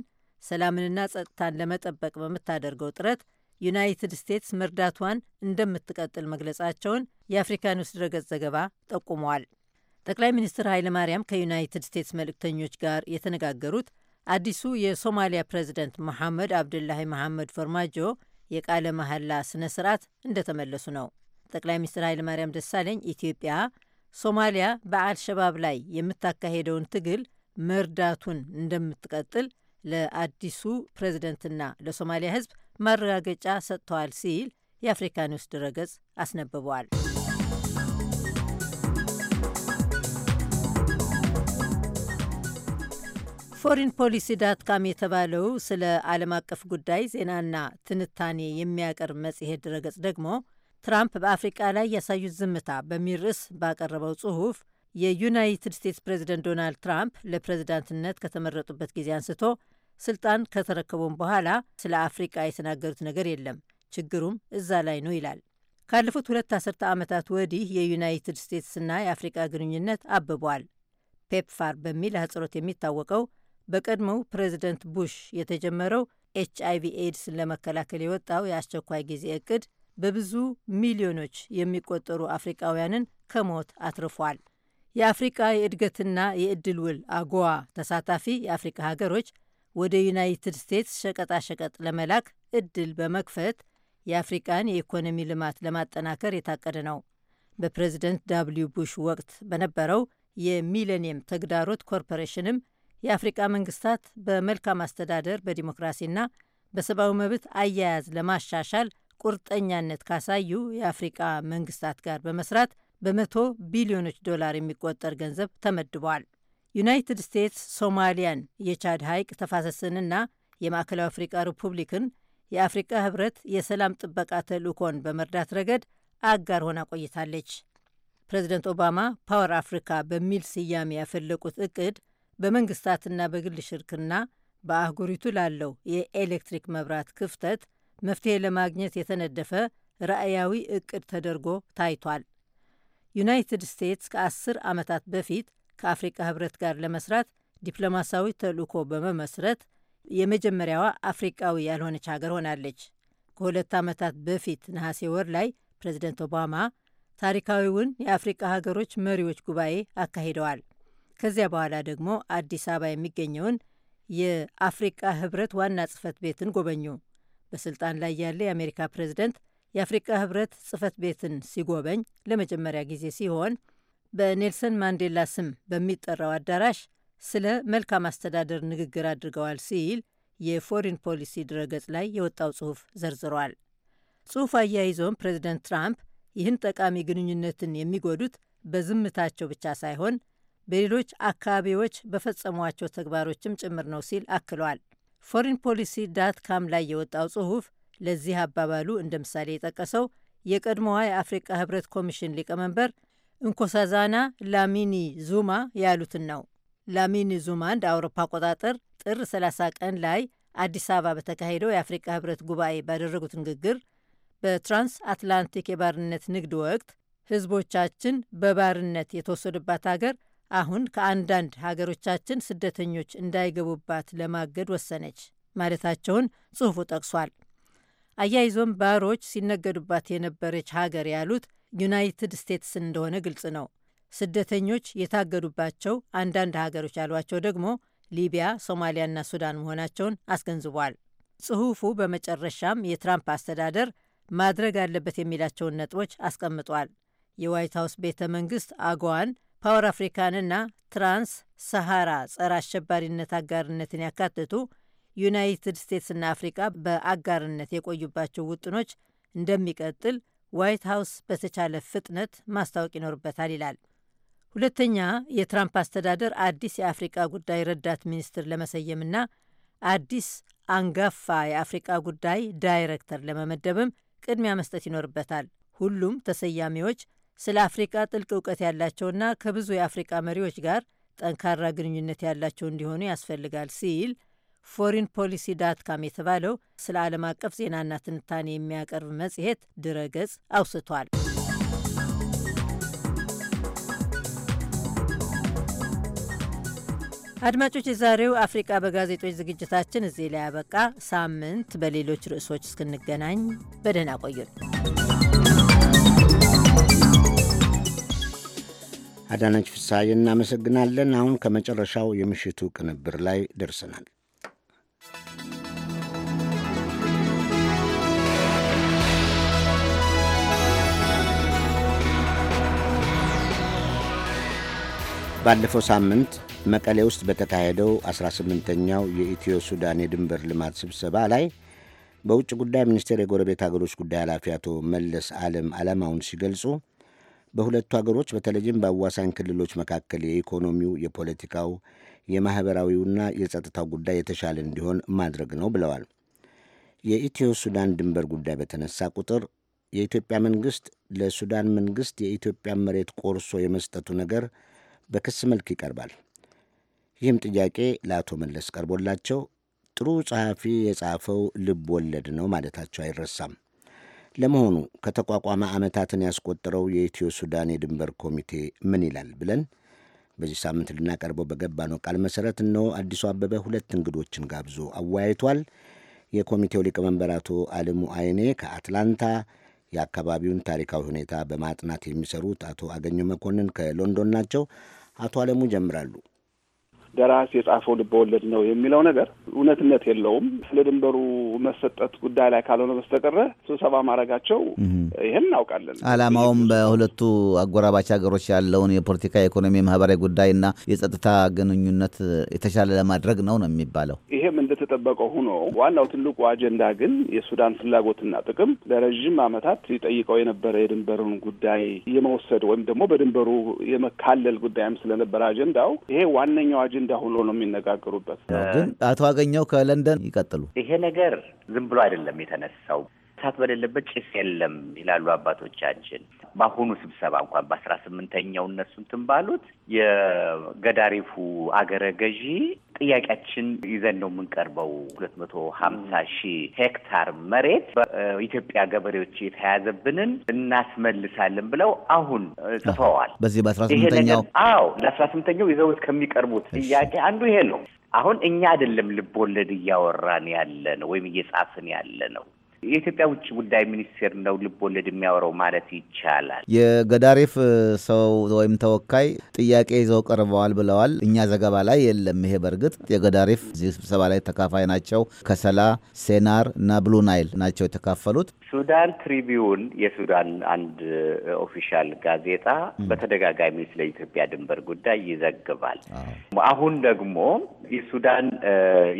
ሰላምንና ጸጥታን ለመጠበቅ በምታደርገው ጥረት ዩናይትድ ስቴትስ መርዳቷን እንደምትቀጥል መግለጻቸውን የአፍሪካ ኒውስ ድረገጽ ዘገባ ጠቁመዋል። ጠቅላይ ሚኒስትር ኃይለማርያም ከዩናይትድ ስቴትስ መልእክተኞች ጋር የተነጋገሩት አዲሱ የሶማሊያ ፕሬዚደንት መሐመድ አብዱላሂ መሐመድ ፈርማጆ የቃለ መሐላ ስነ ስርዓት እንደተመለሱ ነው። ጠቅላይ ሚኒስትር ኃይለማርያም ደሳለኝ ኢትዮጵያ ሶማሊያ በአልሸባብ ላይ የምታካሄደውን ትግል መርዳቱን እንደምትቀጥል ለአዲሱ ፕሬዝደንትና ለሶማሊያ ሕዝብ ማረጋገጫ ሰጥተዋል ሲል የአፍሪካ ኒውስ ድረገጽ አስነብቧል። ፎሪን ፖሊሲ ዳት ካም የተባለው ስለ ዓለም አቀፍ ጉዳይ ዜናና ትንታኔ የሚያቀርብ መጽሔት ድረገጽ ደግሞ ትራምፕ በአፍሪቃ ላይ ያሳዩት ዝምታ በሚል ርዕስ ባቀረበው ጽሑፍ የዩናይትድ ስቴትስ ፕሬዚደንት ዶናልድ ትራምፕ ለፕሬዚዳንትነት ከተመረጡበት ጊዜ አንስቶ ስልጣን ከተረከቡም በኋላ ስለ አፍሪቃ የተናገሩት ነገር የለም። ችግሩም እዛ ላይ ነው ይላል። ካለፉት ሁለት አስርተ ዓመታት ወዲህ የዩናይትድ ስቴትስና የአፍሪቃ ግንኙነት አብቧል። ፔፕፋር በሚል አጽሮት የሚታወቀው በቀድሞው ፕሬዚደንት ቡሽ የተጀመረው ኤች አይቪ ኤድስን ለመከላከል የወጣው የአስቸኳይ ጊዜ እቅድ በብዙ ሚሊዮኖች የሚቆጠሩ አፍሪቃውያንን ከሞት አትርፏል። የአፍሪቃ የእድገትና የእድል ውል አጎዋ ተሳታፊ የአፍሪካ ሀገሮች ወደ ዩናይትድ ስቴትስ ሸቀጣሸቀጥ ለመላክ እድል በመክፈት የአፍሪቃን የኢኮኖሚ ልማት ለማጠናከር የታቀደ ነው። በፕሬዝደንት ዳብልዩ ቡሽ ወቅት በነበረው የሚሌኒየም ተግዳሮት ኮርፖሬሽንም የአፍሪቃ መንግስታት በመልካም አስተዳደር በዲሞክራሲና በሰብአዊ መብት አያያዝ ለማሻሻል ቁርጠኛነት ካሳዩ የአፍሪቃ መንግስታት ጋር በመስራት በመቶ ቢሊዮኖች ዶላር የሚቆጠር ገንዘብ ተመድቧል። ዩናይትድ ስቴትስ ሶማሊያን፣ የቻድ ሐይቅ ተፋሰስንና የማዕከላዊ አፍሪቃ ሪፑብሊክን የአፍሪቃ ህብረት የሰላም ጥበቃ ተልእኮን በመርዳት ረገድ አጋር ሆና ቆይታለች። ፕሬዚደንት ኦባማ ፓወር አፍሪካ በሚል ስያሜ ያፈለቁት እቅድ በመንግስታትና በግል ሽርክና በአህጉሪቱ ላለው የኤሌክትሪክ መብራት ክፍተት መፍትሄ ለማግኘት የተነደፈ ራዕያዊ እቅድ ተደርጎ ታይቷል። ዩናይትድ ስቴትስ ከአስር ዓመታት በፊት ከአፍሪካ ህብረት ጋር ለመስራት ዲፕሎማሲያዊ ተልእኮ በመመስረት የመጀመሪያዋ አፍሪቃዊ ያልሆነች ሀገር ሆናለች። ከሁለት ዓመታት በፊት ነሐሴ ወር ላይ ፕሬዚደንት ኦባማ ታሪካዊውን የአፍሪቃ ሀገሮች መሪዎች ጉባኤ አካሂደዋል። ከዚያ በኋላ ደግሞ አዲስ አበባ የሚገኘውን የአፍሪቃ ህብረት ዋና ጽህፈት ቤትን ጎበኙ። በስልጣን ላይ ያለ የአሜሪካ ፕሬዚደንት የአፍሪቃ ህብረት ጽህፈት ቤትን ሲጎበኝ ለመጀመሪያ ጊዜ ሲሆን በኔልሰን ማንዴላ ስም በሚጠራው አዳራሽ ስለ መልካም አስተዳደር ንግግር አድርገዋል ሲል የፎሪን ፖሊሲ ድረገጽ ላይ የወጣው ጽሑፍ ዘርዝሯል። ጽሑፍ አያይዞም ፕሬዚደንት ትራምፕ ይህን ጠቃሚ ግንኙነትን የሚጎዱት በዝምታቸው ብቻ ሳይሆን በሌሎች አካባቢዎች በፈጸሟቸው ተግባሮችም ጭምር ነው ሲል አክሏል። ፎሪን ፖሊሲ ዳት ካም ላይ የወጣው ጽሑፍ ለዚህ አባባሉ እንደ ምሳሌ የጠቀሰው የቀድሞዋ የአፍሪቃ ህብረት ኮሚሽን ሊቀመንበር እንኮሳዛና ላሚኒ ዙማ ያሉትን ነው። ላሚኒ ዙማ እንደ አውሮፓ አቆጣጠር ጥር 30 ቀን ላይ አዲስ አበባ በተካሄደው የአፍሪካ ህብረት ጉባኤ ባደረጉት ንግግር በትራንስ አትላንቲክ የባርነት ንግድ ወቅት ህዝቦቻችን በባርነት የተወሰዱባት ሀገር አሁን ከአንዳንድ ሀገሮቻችን ስደተኞች እንዳይገቡባት ለማገድ ወሰነች ማለታቸውን ጽሑፉ ጠቅሷል። አያይዞም ባሮች ሲነገዱባት የነበረች ሀገር ያሉት ዩናይትድ ስቴትስ እንደሆነ ግልጽ ነው። ስደተኞች የታገዱባቸው አንዳንድ ሀገሮች ያሏቸው ደግሞ ሊቢያ፣ ሶማሊያና ሱዳን መሆናቸውን አስገንዝቧል። ጽሑፉ በመጨረሻም የትራምፕ አስተዳደር ማድረግ አለበት የሚላቸውን ነጥቦች አስቀምጧል። የዋይት ሀውስ ቤተ መንግስት አጎዋን፣ ፓወር አፍሪካንና ትራንስ ሰሃራ ጸረ አሸባሪነት አጋርነትን ያካትቱ ዩናይትድ ስቴትስና አፍሪካ በአጋርነት የቆዩባቸው ውጥኖች እንደሚቀጥል ዋይት ሀውስ በተቻለ ፍጥነት ማስታወቅ ይኖርበታል ይላል። ሁለተኛ የትራምፕ አስተዳደር አዲስ የአፍሪቃ ጉዳይ ረዳት ሚኒስትር ለመሰየምና አዲስ አንጋፋ የአፍሪቃ ጉዳይ ዳይሬክተር ለመመደብም ቅድሚያ መስጠት ይኖርበታል። ሁሉም ተሰያሚዎች ስለ አፍሪቃ ጥልቅ እውቀት ያላቸውና ከብዙ የአፍሪቃ መሪዎች ጋር ጠንካራ ግንኙነት ያላቸው እንዲሆኑ ያስፈልጋል ሲል ፎሪን ፖሊሲ ዳትካም የተባለው ስለ ዓለም አቀፍ ዜናና ትንታኔ የሚያቀርብ መጽሔት ድረገጽ አውስቷል። አድማጮች፣ የዛሬው አፍሪቃ በጋዜጦች ዝግጅታችን እዚህ ላይ ያበቃ። ሳምንት በሌሎች ርዕሶች እስክንገናኝ በደህና ቆዩን። አዳነች ፍስሐዬ እናመሰግናለን። አሁን ከመጨረሻው የምሽቱ ቅንብር ላይ ደርሰናል። ባለፈው ሳምንት መቀሌ ውስጥ በተካሄደው 18ኛው የኢትዮ ሱዳን የድንበር ልማት ስብሰባ ላይ በውጭ ጉዳይ ሚኒስቴር የጎረቤት ሀገሮች ጉዳይ ኃላፊ አቶ መለስ አለም ዓላማውን ሲገልጹ በሁለቱ ሀገሮች በተለይም በአዋሳኝ ክልሎች መካከል የኢኮኖሚው፣ የፖለቲካው፣ የማኅበራዊውና የጸጥታው ጉዳይ የተሻለ እንዲሆን ማድረግ ነው ብለዋል። የኢትዮ ሱዳን ድንበር ጉዳይ በተነሳ ቁጥር የኢትዮጵያ መንግሥት ለሱዳን መንግሥት የኢትዮጵያ መሬት ቆርሶ የመስጠቱ ነገር በክስ መልክ ይቀርባል። ይህም ጥያቄ ለአቶ መለስ ቀርቦላቸው ጥሩ ጸሐፊ የጻፈው ልብ ወለድ ነው ማለታቸው አይረሳም። ለመሆኑ ከተቋቋመ ዓመታትን ያስቆጠረው የኢትዮ ሱዳን የድንበር ኮሚቴ ምን ይላል ብለን በዚህ ሳምንት ልናቀርበው በገባነው ቃል መሰረት እነሆ አዲሱ አበበ ሁለት እንግዶችን ጋብዞ አወያይቷል። የኮሚቴው ሊቀመንበር አቶ አለሙ አይኔ ከአትላንታ፣ የአካባቢውን ታሪካዊ ሁኔታ በማጥናት የሚሰሩት አቶ አገኘሁ መኮንን ከሎንዶን ናቸው። አቶ አለሙ ይጀምራሉ። ደራሲ የጻፈው ልበወለድ ነው የሚለው ነገር እውነትነት የለውም። ስለ ድንበሩ መሰጠት ጉዳይ ላይ ካልሆነ በስተቀረ ስብሰባ ማድረጋቸው ይህን እናውቃለን። አላማውም በሁለቱ አጎራባች ሀገሮች ያለውን የፖለቲካ የኢኮኖሚ ማህበራዊ ጉዳይና የጸጥታ ግንኙነት የተሻለ ለማድረግ ነው ነው የሚባለው። ይሄም እንደተጠበቀው ሆኖ ዋናው ትልቁ አጀንዳ ግን የሱዳን ፍላጎትና ጥቅም ለረዥም ዓመታት ይጠይቀው የነበረ የድንበሩን ጉዳይ የመወሰድ ወይም ደግሞ በድንበሩ የመካለል ጉዳይም ስለነበረ አጀንዳው ይሄ ዋነኛው አጀንዳ አጀንዳ ሁሎ ነው የሚነጋገሩበት። ግን አቶ አገኘው ከለንደን ይቀጥሉ። ይሄ ነገር ዝም ብሎ አይደለም የተነሳው። እሳት በሌለበት ጭስ የለም ይላሉ አባቶቻችን። በአሁኑ ስብሰባ እንኳን በአስራ ስምንተኛው እነሱ እንትን ባሉት የገዳሪፉ አገረ ገዢ ጥያቄያችን ይዘን ነው የምንቀርበው። ሁለት መቶ ሀምሳ ሺህ ሄክታር መሬት በኢትዮጵያ ገበሬዎች የተያዘብንን እናስመልሳለን ብለው አሁን ጽፈዋል። በዚህ በአስራ ስምንተኛው አዎ ለአስራ ስምንተኛው ይዘውት ከሚቀርቡት ጥያቄ አንዱ ይሄ ነው። አሁን እኛ አይደለም ልብ ወለድ እያወራን ያለ ነው ወይም እየጻፍን ያለ ነው የኢትዮጵያ ውጭ ጉዳይ ሚኒስቴር ነው ልቦለድ የሚያወራው ማለት ይቻላል። የገዳሪፍ ሰው ወይም ተወካይ ጥያቄ ይዘው ቀርበዋል ብለዋል። እኛ ዘገባ ላይ የለም። ይሄ በእርግጥ የገዳሪፍ እዚህ ስብሰባ ላይ ተካፋይ ናቸው። ከሰላ፣ ሴናር እና ብሉ ናይል ናቸው የተካፈሉት። ሱዳን ትሪቢዩን የሱዳን አንድ ኦፊሻል ጋዜጣ በተደጋጋሚ ስለ ኢትዮጵያ ድንበር ጉዳይ ይዘግባል። አሁን ደግሞ የሱዳን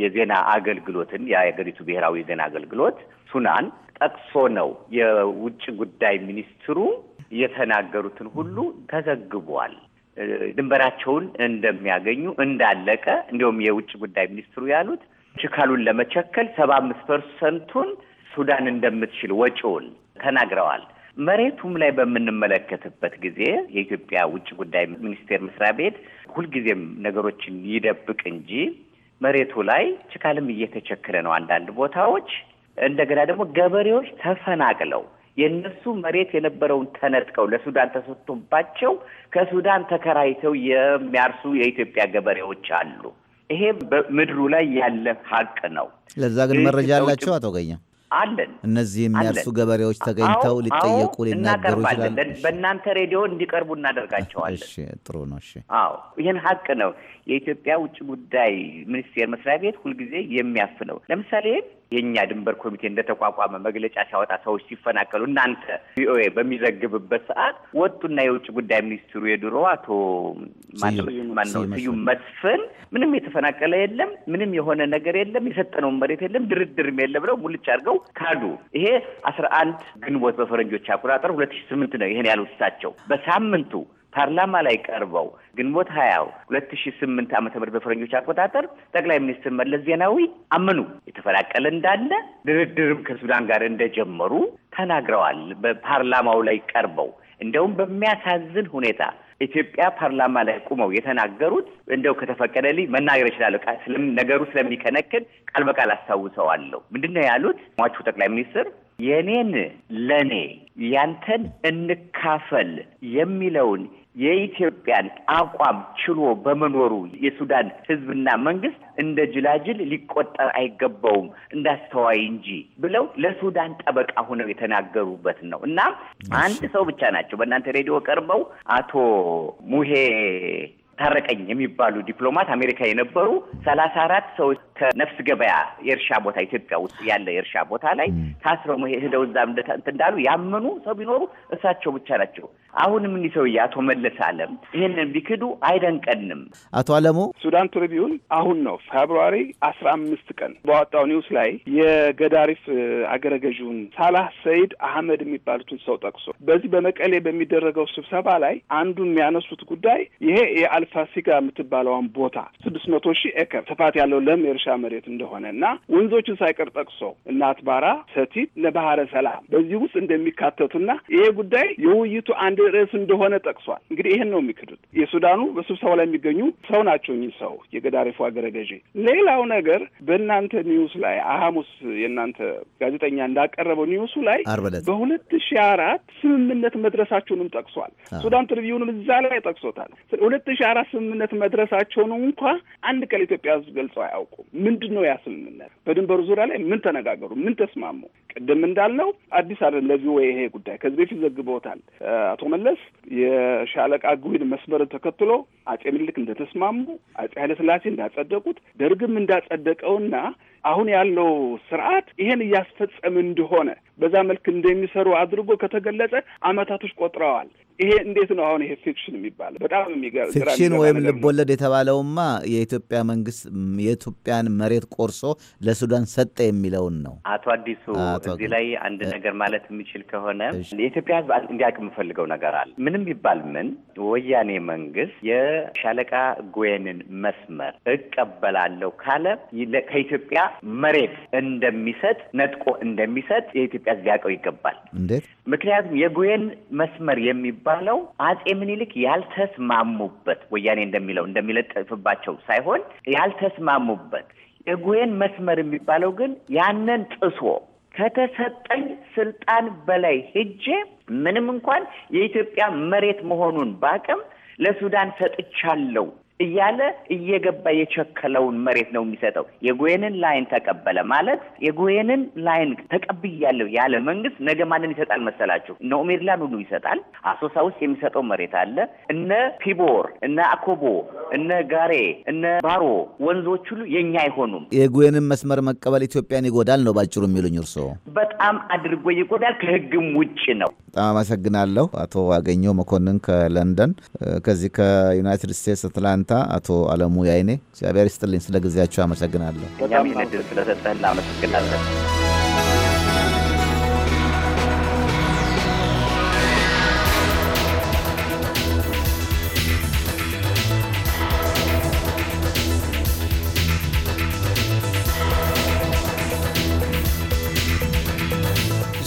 የዜና አገልግሎትን የሀገሪቱ ብሔራዊ የዜና አገልግሎት ሱናን ጠቅሶ ነው የውጭ ጉዳይ ሚኒስትሩ የተናገሩትን ሁሉ ተዘግቧል። ድንበራቸውን እንደሚያገኙ እንዳለቀ እንዲሁም የውጭ ጉዳይ ሚኒስትሩ ያሉት ችካሉን ለመቸከል ሰባ አምስት ፐርሰንቱን ሱዳን እንደምትችል ወጪውን ተናግረዋል። መሬቱም ላይ በምንመለከትበት ጊዜ የኢትዮጵያ ውጭ ጉዳይ ሚኒስቴር መስሪያ ቤት ሁልጊዜም ነገሮችን ይደብቅ እንጂ መሬቱ ላይ ችካልም እየተቸከለ ነው። አንዳንድ ቦታዎች እንደገና ደግሞ ገበሬዎች ተፈናቅለው የእነሱ መሬት የነበረውን ተነጥቀው ለሱዳን ተሰጥቶባቸው ከሱዳን ተከራይተው የሚያርሱ የኢትዮጵያ ገበሬዎች አሉ። ይሄ በምድሩ ላይ ያለ ሀቅ ነው። ለዛ ግን መረጃ አላቸው አቶ ገኘ አለን። እነዚህ የሚያርሱ ገበሬዎች ተገኝተው ሊጠየቁ ሊናገሩ ይችላል። በእናንተ ሬዲዮ እንዲቀርቡ እናደርጋቸዋለን። ጥሩ ነው። እሺ፣ አዎ፣ ይህን ሀቅ ነው የኢትዮጵያ ውጭ ጉዳይ ሚኒስቴር መስሪያ ቤት ሁልጊዜ የሚያፍነው። ለምሳሌ የእኛ ድንበር ኮሚቴ እንደተቋቋመ መግለጫ ሲያወጣ ሰዎች ሲፈናቀሉ እናንተ ቪኦኤ በሚዘግብበት ሰዓት ወጡና የውጭ ጉዳይ ሚኒስትሩ የድሮ አቶ ማነው ስዩም መስፍን ምንም የተፈናቀለ የለም፣ ምንም የሆነ ነገር የለም፣ የሰጠነውን መሬት የለም፣ ድርድርም የለ ብለው ሙልጭ አድርገው ካዱ። ይሄ አስራ አንድ ግንቦት በፈረንጆች አቆጣጠር ሁለት ሺ ስምንት ነው። ይሄን ያሉት እሳቸው በሳምንቱ ፓርላማ ላይ ቀርበው ግንቦት ሀያ ሁለት ሺ ስምንት ዓመተ ምህረት በፈረንጆች አቆጣጠር ጠቅላይ ሚኒስትር መለስ ዜናዊ አመኑ። የተፈናቀለ እንዳለ ድርድርም ከሱዳን ጋር እንደጀመሩ ተናግረዋል። በፓርላማው ላይ ቀርበው እንደውም በሚያሳዝን ሁኔታ ኢትዮጵያ ፓርላማ ላይ ቁመው የተናገሩት እንደው ከተፈቀደልኝ መናገር እችላለሁ፣ ነገሩ ስለሚከነክን ቃል በቃል አስታውሰዋለሁ። ምንድን ነው ያሉት ሟቹ ጠቅላይ ሚኒስትር የኔን ለእኔ ያንተን እንካፈል የሚለውን የኢትዮጵያን አቋም ችሎ በመኖሩ የሱዳን ህዝብና መንግስት እንደ ጅላጅል ሊቆጠር አይገባውም እንዳስተዋይ እንጂ ብለው ለሱዳን ጠበቃ ሆነው የተናገሩበት ነው እና አንድ ሰው ብቻ ናቸው በእናንተ ሬዲዮ ቀርበው አቶ ሙሄ ታረቀኝ የሚባሉ ዲፕሎማት አሜሪካ የነበሩ ሰላሳ አራት ሰዎች ከነፍስ ገበያ የእርሻ ቦታ ኢትዮጵያ ውስጥ ያለ የእርሻ ቦታ ላይ ታስረው ሄደው እዛም እንዳሉ ያመኑ ሰው ቢኖሩ እሳቸው ብቻ ናቸው። አሁንም እኒህ ሰውዬ አቶ መለስ አለም ይህንን ቢክዱ አይደንቀንም። አቶ አለሙ ሱዳን ትሪቢዩን አሁን ነው ፌብርዋሪ አስራ አምስት ቀን በዋጣው ኒውስ ላይ የገዳሪፍ አገረ ገዥውን ሳላህ ሰይድ አህመድ የሚባሉትን ሰው ጠቅሶ በዚህ በመቀሌ በሚደረገው ስብሰባ ላይ አንዱ የሚያነሱት ጉዳይ ይሄ የአልፋሲጋ የምትባለውን ቦታ ስድስት መቶ ሺህ ኤከር ስፋት ያለው ለም የእርሻ መሬት እንደሆነ እና ወንዞችን ሳይቀር ጠቅሶ እናት ባራ፣ ሰቲት፣ ለባህረ ሰላም በዚህ ውስጥ እንደሚካተቱና ይሄ ጉዳይ የውይይቱ አንድ ርዕስ እንደሆነ ጠቅሷል። እንግዲህ ይሄን ነው የሚክዱት። የሱዳኑ በስብሰባ ላይ የሚገኙ ሰው ናቸው እኚህ ሰው የገዳሪፉ አገረ ገዢ። ሌላው ነገር በእናንተ ኒውስ ላይ ሐሙስ የእናንተ ጋዜጠኛ እንዳቀረበው ኒውሱ ላይ በሁለት ሺ አራት ስምምነት መድረሳቸውንም ጠቅሷል። ሱዳን ትሪቢዩንም እዛ ላይ ጠቅሶታል። ሁለት ሺ አራት ስምምነት መድረሳቸውን እንኳ አንድ ቀን ኢትዮጵያ ሕዝብ ገልጸው አያውቁም። ምንድን ነው ያ ስምምነት? በድንበሩ ዙሪያ ላይ ምን ተነጋገሩ? ምን ተስማሙ? ቅድም እንዳልነው አዲስ አይደለም ለቪኦኤ ይሄ ጉዳይ ከዚህ በፊት ዘግበውታል። አቶ መለስ የሻለቃ ጉሂን መስመርን ተከትሎ አጼ ምኒልክ እንደተስማሙ፣ አጼ ኃይለ ስላሴ እንዳጸደቁት፣ ደርግም እንዳጸደቀውና አሁን ያለው ስርዓት ይሄን እያስፈጸም እንደሆነ በዛ መልክ እንደሚሰሩ አድርጎ ከተገለጸ አመታቶች ቆጥረዋል። ይሄ እንዴት ነው አሁን ይሄ ፊክሽን የሚባለው? በጣም የሚገርም ፊክሽን ወይም ልቦለድ የተባለውማ የኢትዮጵያ መንግስት የኢትዮጵያን መሬት ቆርሶ ለሱዳን ሰጠ የሚለውን ነው። አቶ አዲሱ እዚህ ላይ አንድ ነገር ማለት የሚችል ከሆነ የኢትዮጵያ ሕዝብ እንዲያውቅ የምፈልገው ነገር አለ። ምንም ቢባል ምን ወያኔ መንግስት የሻለቃ ጎየንን መስመር እቀበላለሁ ካለ ከኢትዮጵያ መሬት እንደሚሰጥ ነጥቆ እንደሚሰጥ የኢትዮጵያ ሕዝብ ያውቀው ይገባል። እንዴት? ምክንያቱም የጉዌን መስመር የሚባለው አጼ ምኒልክ ያልተስማሙበት ወያኔ እንደሚለው እንደሚለጠፍባቸው ሳይሆን ያልተስማሙበት የጉዌን መስመር የሚባለው ግን ያንን ጥሶ ከተሰጠኝ ስልጣን በላይ ሄጄ ምንም እንኳን የኢትዮጵያ መሬት መሆኑን በአቅም ለሱዳን ሰጥቻለሁ እያለ እየገባ የቸከለውን መሬት ነው የሚሰጠው። የጉዌንን ላይን ተቀበለ ማለት የጉዌንን ላይን ተቀብያለሁ ያለ መንግስት ነገ ማንን ይሰጣል መሰላችሁ? እነ ኦሜድላን ሁሉ ይሰጣል። አሶሳ ውስጥ የሚሰጠው መሬት አለ። እነ ፒቦር፣ እነ አኮቦ፣ እነ ጋሬ፣ እነ ባሮ ወንዞች ሁሉ የኛ አይሆኑም። የጉዌንን መስመር መቀበል ኢትዮጵያን ይጎዳል ነው ባጭሩ የሚሉኝ እርስዎ? በጣም አድርጎ ይጎዳል፣ ከህግም ውጭ ነው። በጣም አመሰግናለሁ አቶ አገኘው መኮንን ከለንደን ከዚህ ከዩናይትድ ስቴትስ አትላንታ ሁኔታ አቶ አለሙ ያይኔ እግዚአብሔር ይስጥልኝ። ስለ ጊዜያቸው አመሰግናለሁ።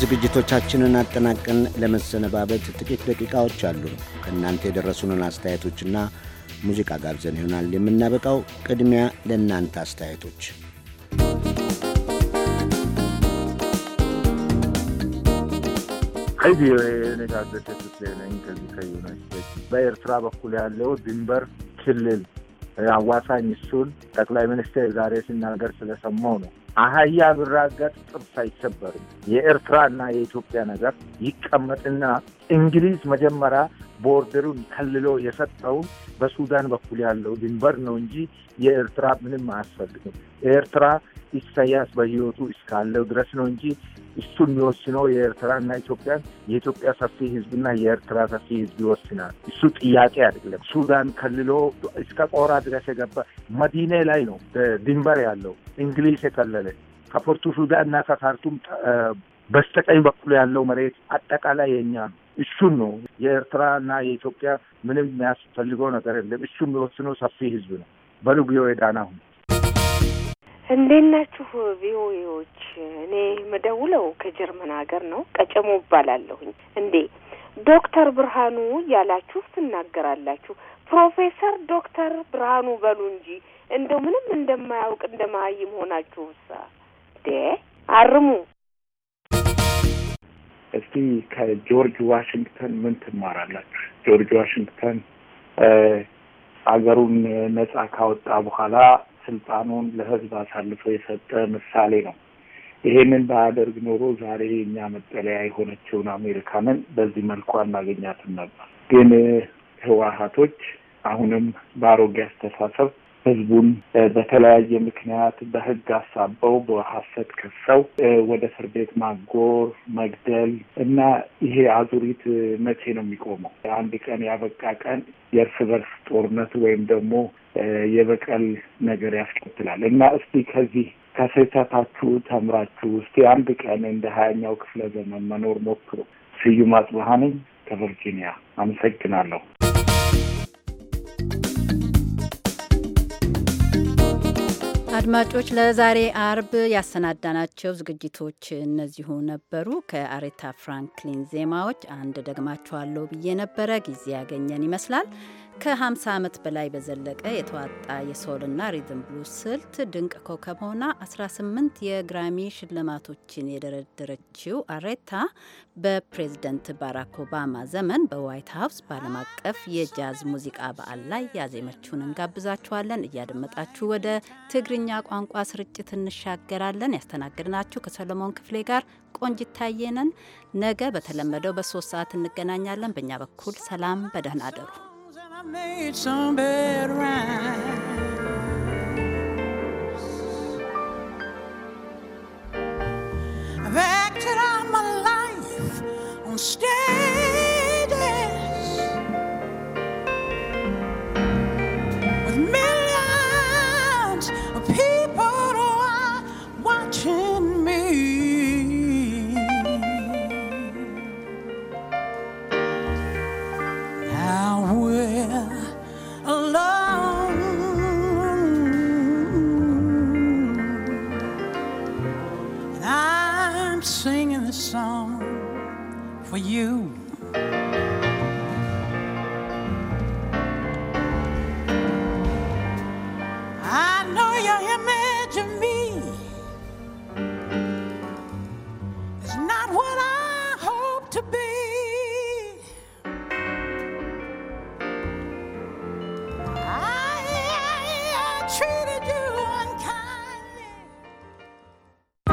ዝግጅቶቻችንን አጠናቀን ለመሰነባበት ጥቂት ደቂቃዎች አሉ። ከእናንተ የደረሱንን አስተያየቶችና ሙዚቃ ጋብዘን ይሆናል የምናበቃው። ቅድሚያ ለእናንተ አስተያየቶች ከዚህ የነጋገር ነኝ። ከዚህ ከዩናይትድ በኤርትራ በኩል ያለው ድንበር ክልል አዋሳኝ እሱን ጠቅላይ ሚኒስቴር ዛሬ ሲናገር ስለሰማው ነው አህያ ብራገጥ ጥርስ አይሰበርም። የኤርትራና የኢትዮጵያ ነገር ይቀመጥና እንግሊዝ መጀመሪያ ቦርደሩን ከልሎ የሰጠው በሱዳን በኩል ያለው ድንበር ነው እንጂ የኤርትራ ምንም አያስፈልግም። ኤርትራ ኢሳያስ በሕይወቱ እስካለው ድረስ ነው እንጂ እሱ የሚወስነው የኤርትራና ኢትዮጵያን የኢትዮጵያ ሰፊ ህዝብና የኤርትራ ሰፊ ህዝብ ይወስናል። እሱ ጥያቄ አይደለም። ሱዳን ከልሎ እስከ ቆራ ድረስ የገባ መዲኔ ላይ ነው ድንበር ያለው እንግሊዝ የከለለ ከፖርቱ ሱዳን እና ከካርቱም በስተቀኝ በኩል ያለው መሬት አጠቃላይ የኛ ነው። እሱን ነው የኤርትራና የኢትዮጵያ ምንም የሚያስፈልገው ነገር የለም። እሱ የሚወስነው ሰፊ ህዝብ ነው። በሉ የዳና ሁን እንዴት ናችሁ ቪኦኤዎች? እኔ የምደውለው ከጀርመን ሀገር ነው። ቀጨሞ እባላለሁኝ። እንዴ ዶክተር ብርሃኑ እያላችሁ ትናገራላችሁ። ፕሮፌሰር ዶክተር ብርሃኑ በሉ እንጂ እንደው ምንም እንደማያውቅ እንደማይም ሆናችሁ ሳ ዴ አርሙ። እስቲ ከጆርጅ ዋሽንግተን ምን ትማራላችሁ? ጆርጅ ዋሽንግተን አገሩን ነጻ ካወጣ በኋላ ስልጣኑን ለህዝብ አሳልፎ የሰጠ ምሳሌ ነው። ይሄንን ባያደርግ ኖሮ ዛሬ እኛ መጠለያ የሆነችውን አሜሪካንን በዚህ መልኩ አናገኛትም ነበር። ግን ህወሀቶች አሁንም በአሮጌ አስተሳሰብ ህዝቡን በተለያየ ምክንያት በህግ አሳበው በሀሰት ከሰው ወደ እስር ቤት ማጎር፣ መግደል እና ይሄ አዙሪት መቼ ነው የሚቆመው? አንድ ቀን ያበቃ ቀን የእርስ በርስ ጦርነት ወይም ደግሞ የበቀል ነገር ያስከትላል እና እስቲ ከዚህ ከስህተታችሁ ተምራችሁ እስቲ አንድ ቀን እንደ ሀያኛው ክፍለ ዘመን መኖር ሞክሩ። ስዩም አጽብሃ ነኝ ከቨርጂኒያ አመሰግናለሁ። አድማጮች ለዛሬ አርብ ያሰናዳናቸው ዝግጅቶች እነዚሁ ነበሩ። ከአሬታ ፍራንክሊን ዜማዎች አንድ ደግማችኋለሁ ብዬ ነበረ ጊዜ ያገኘን ይመስላል። ከ50 ዓመት በላይ በዘለቀ የተዋጣ የሶልና ሪዝም ብሉስ ስልት ድንቅ ኮከብ ሆና 18 የግራሚ ሽልማቶችን የደረደረችው አሬታ በፕሬዝደንት ባራክ ኦባማ ዘመን በዋይት ሀውስ በዓለም አቀፍ የጃዝ ሙዚቃ በዓል ላይ ያዜመችውን እንጋብዛችኋለን። እያደመጣችሁ ወደ ትግርኛ ቋንቋ ስርጭት እንሻገራለን። ያስተናግድናችሁ ከሰለሞን ክፍሌ ጋር ቆንጅት ነገ በተለመደው በሶስት ሰዓት እንገናኛለን። በእኛ በኩል ሰላም፣ በደህና አደሩ። I made some bad rhymes. I've acted out my life on stage. song for you.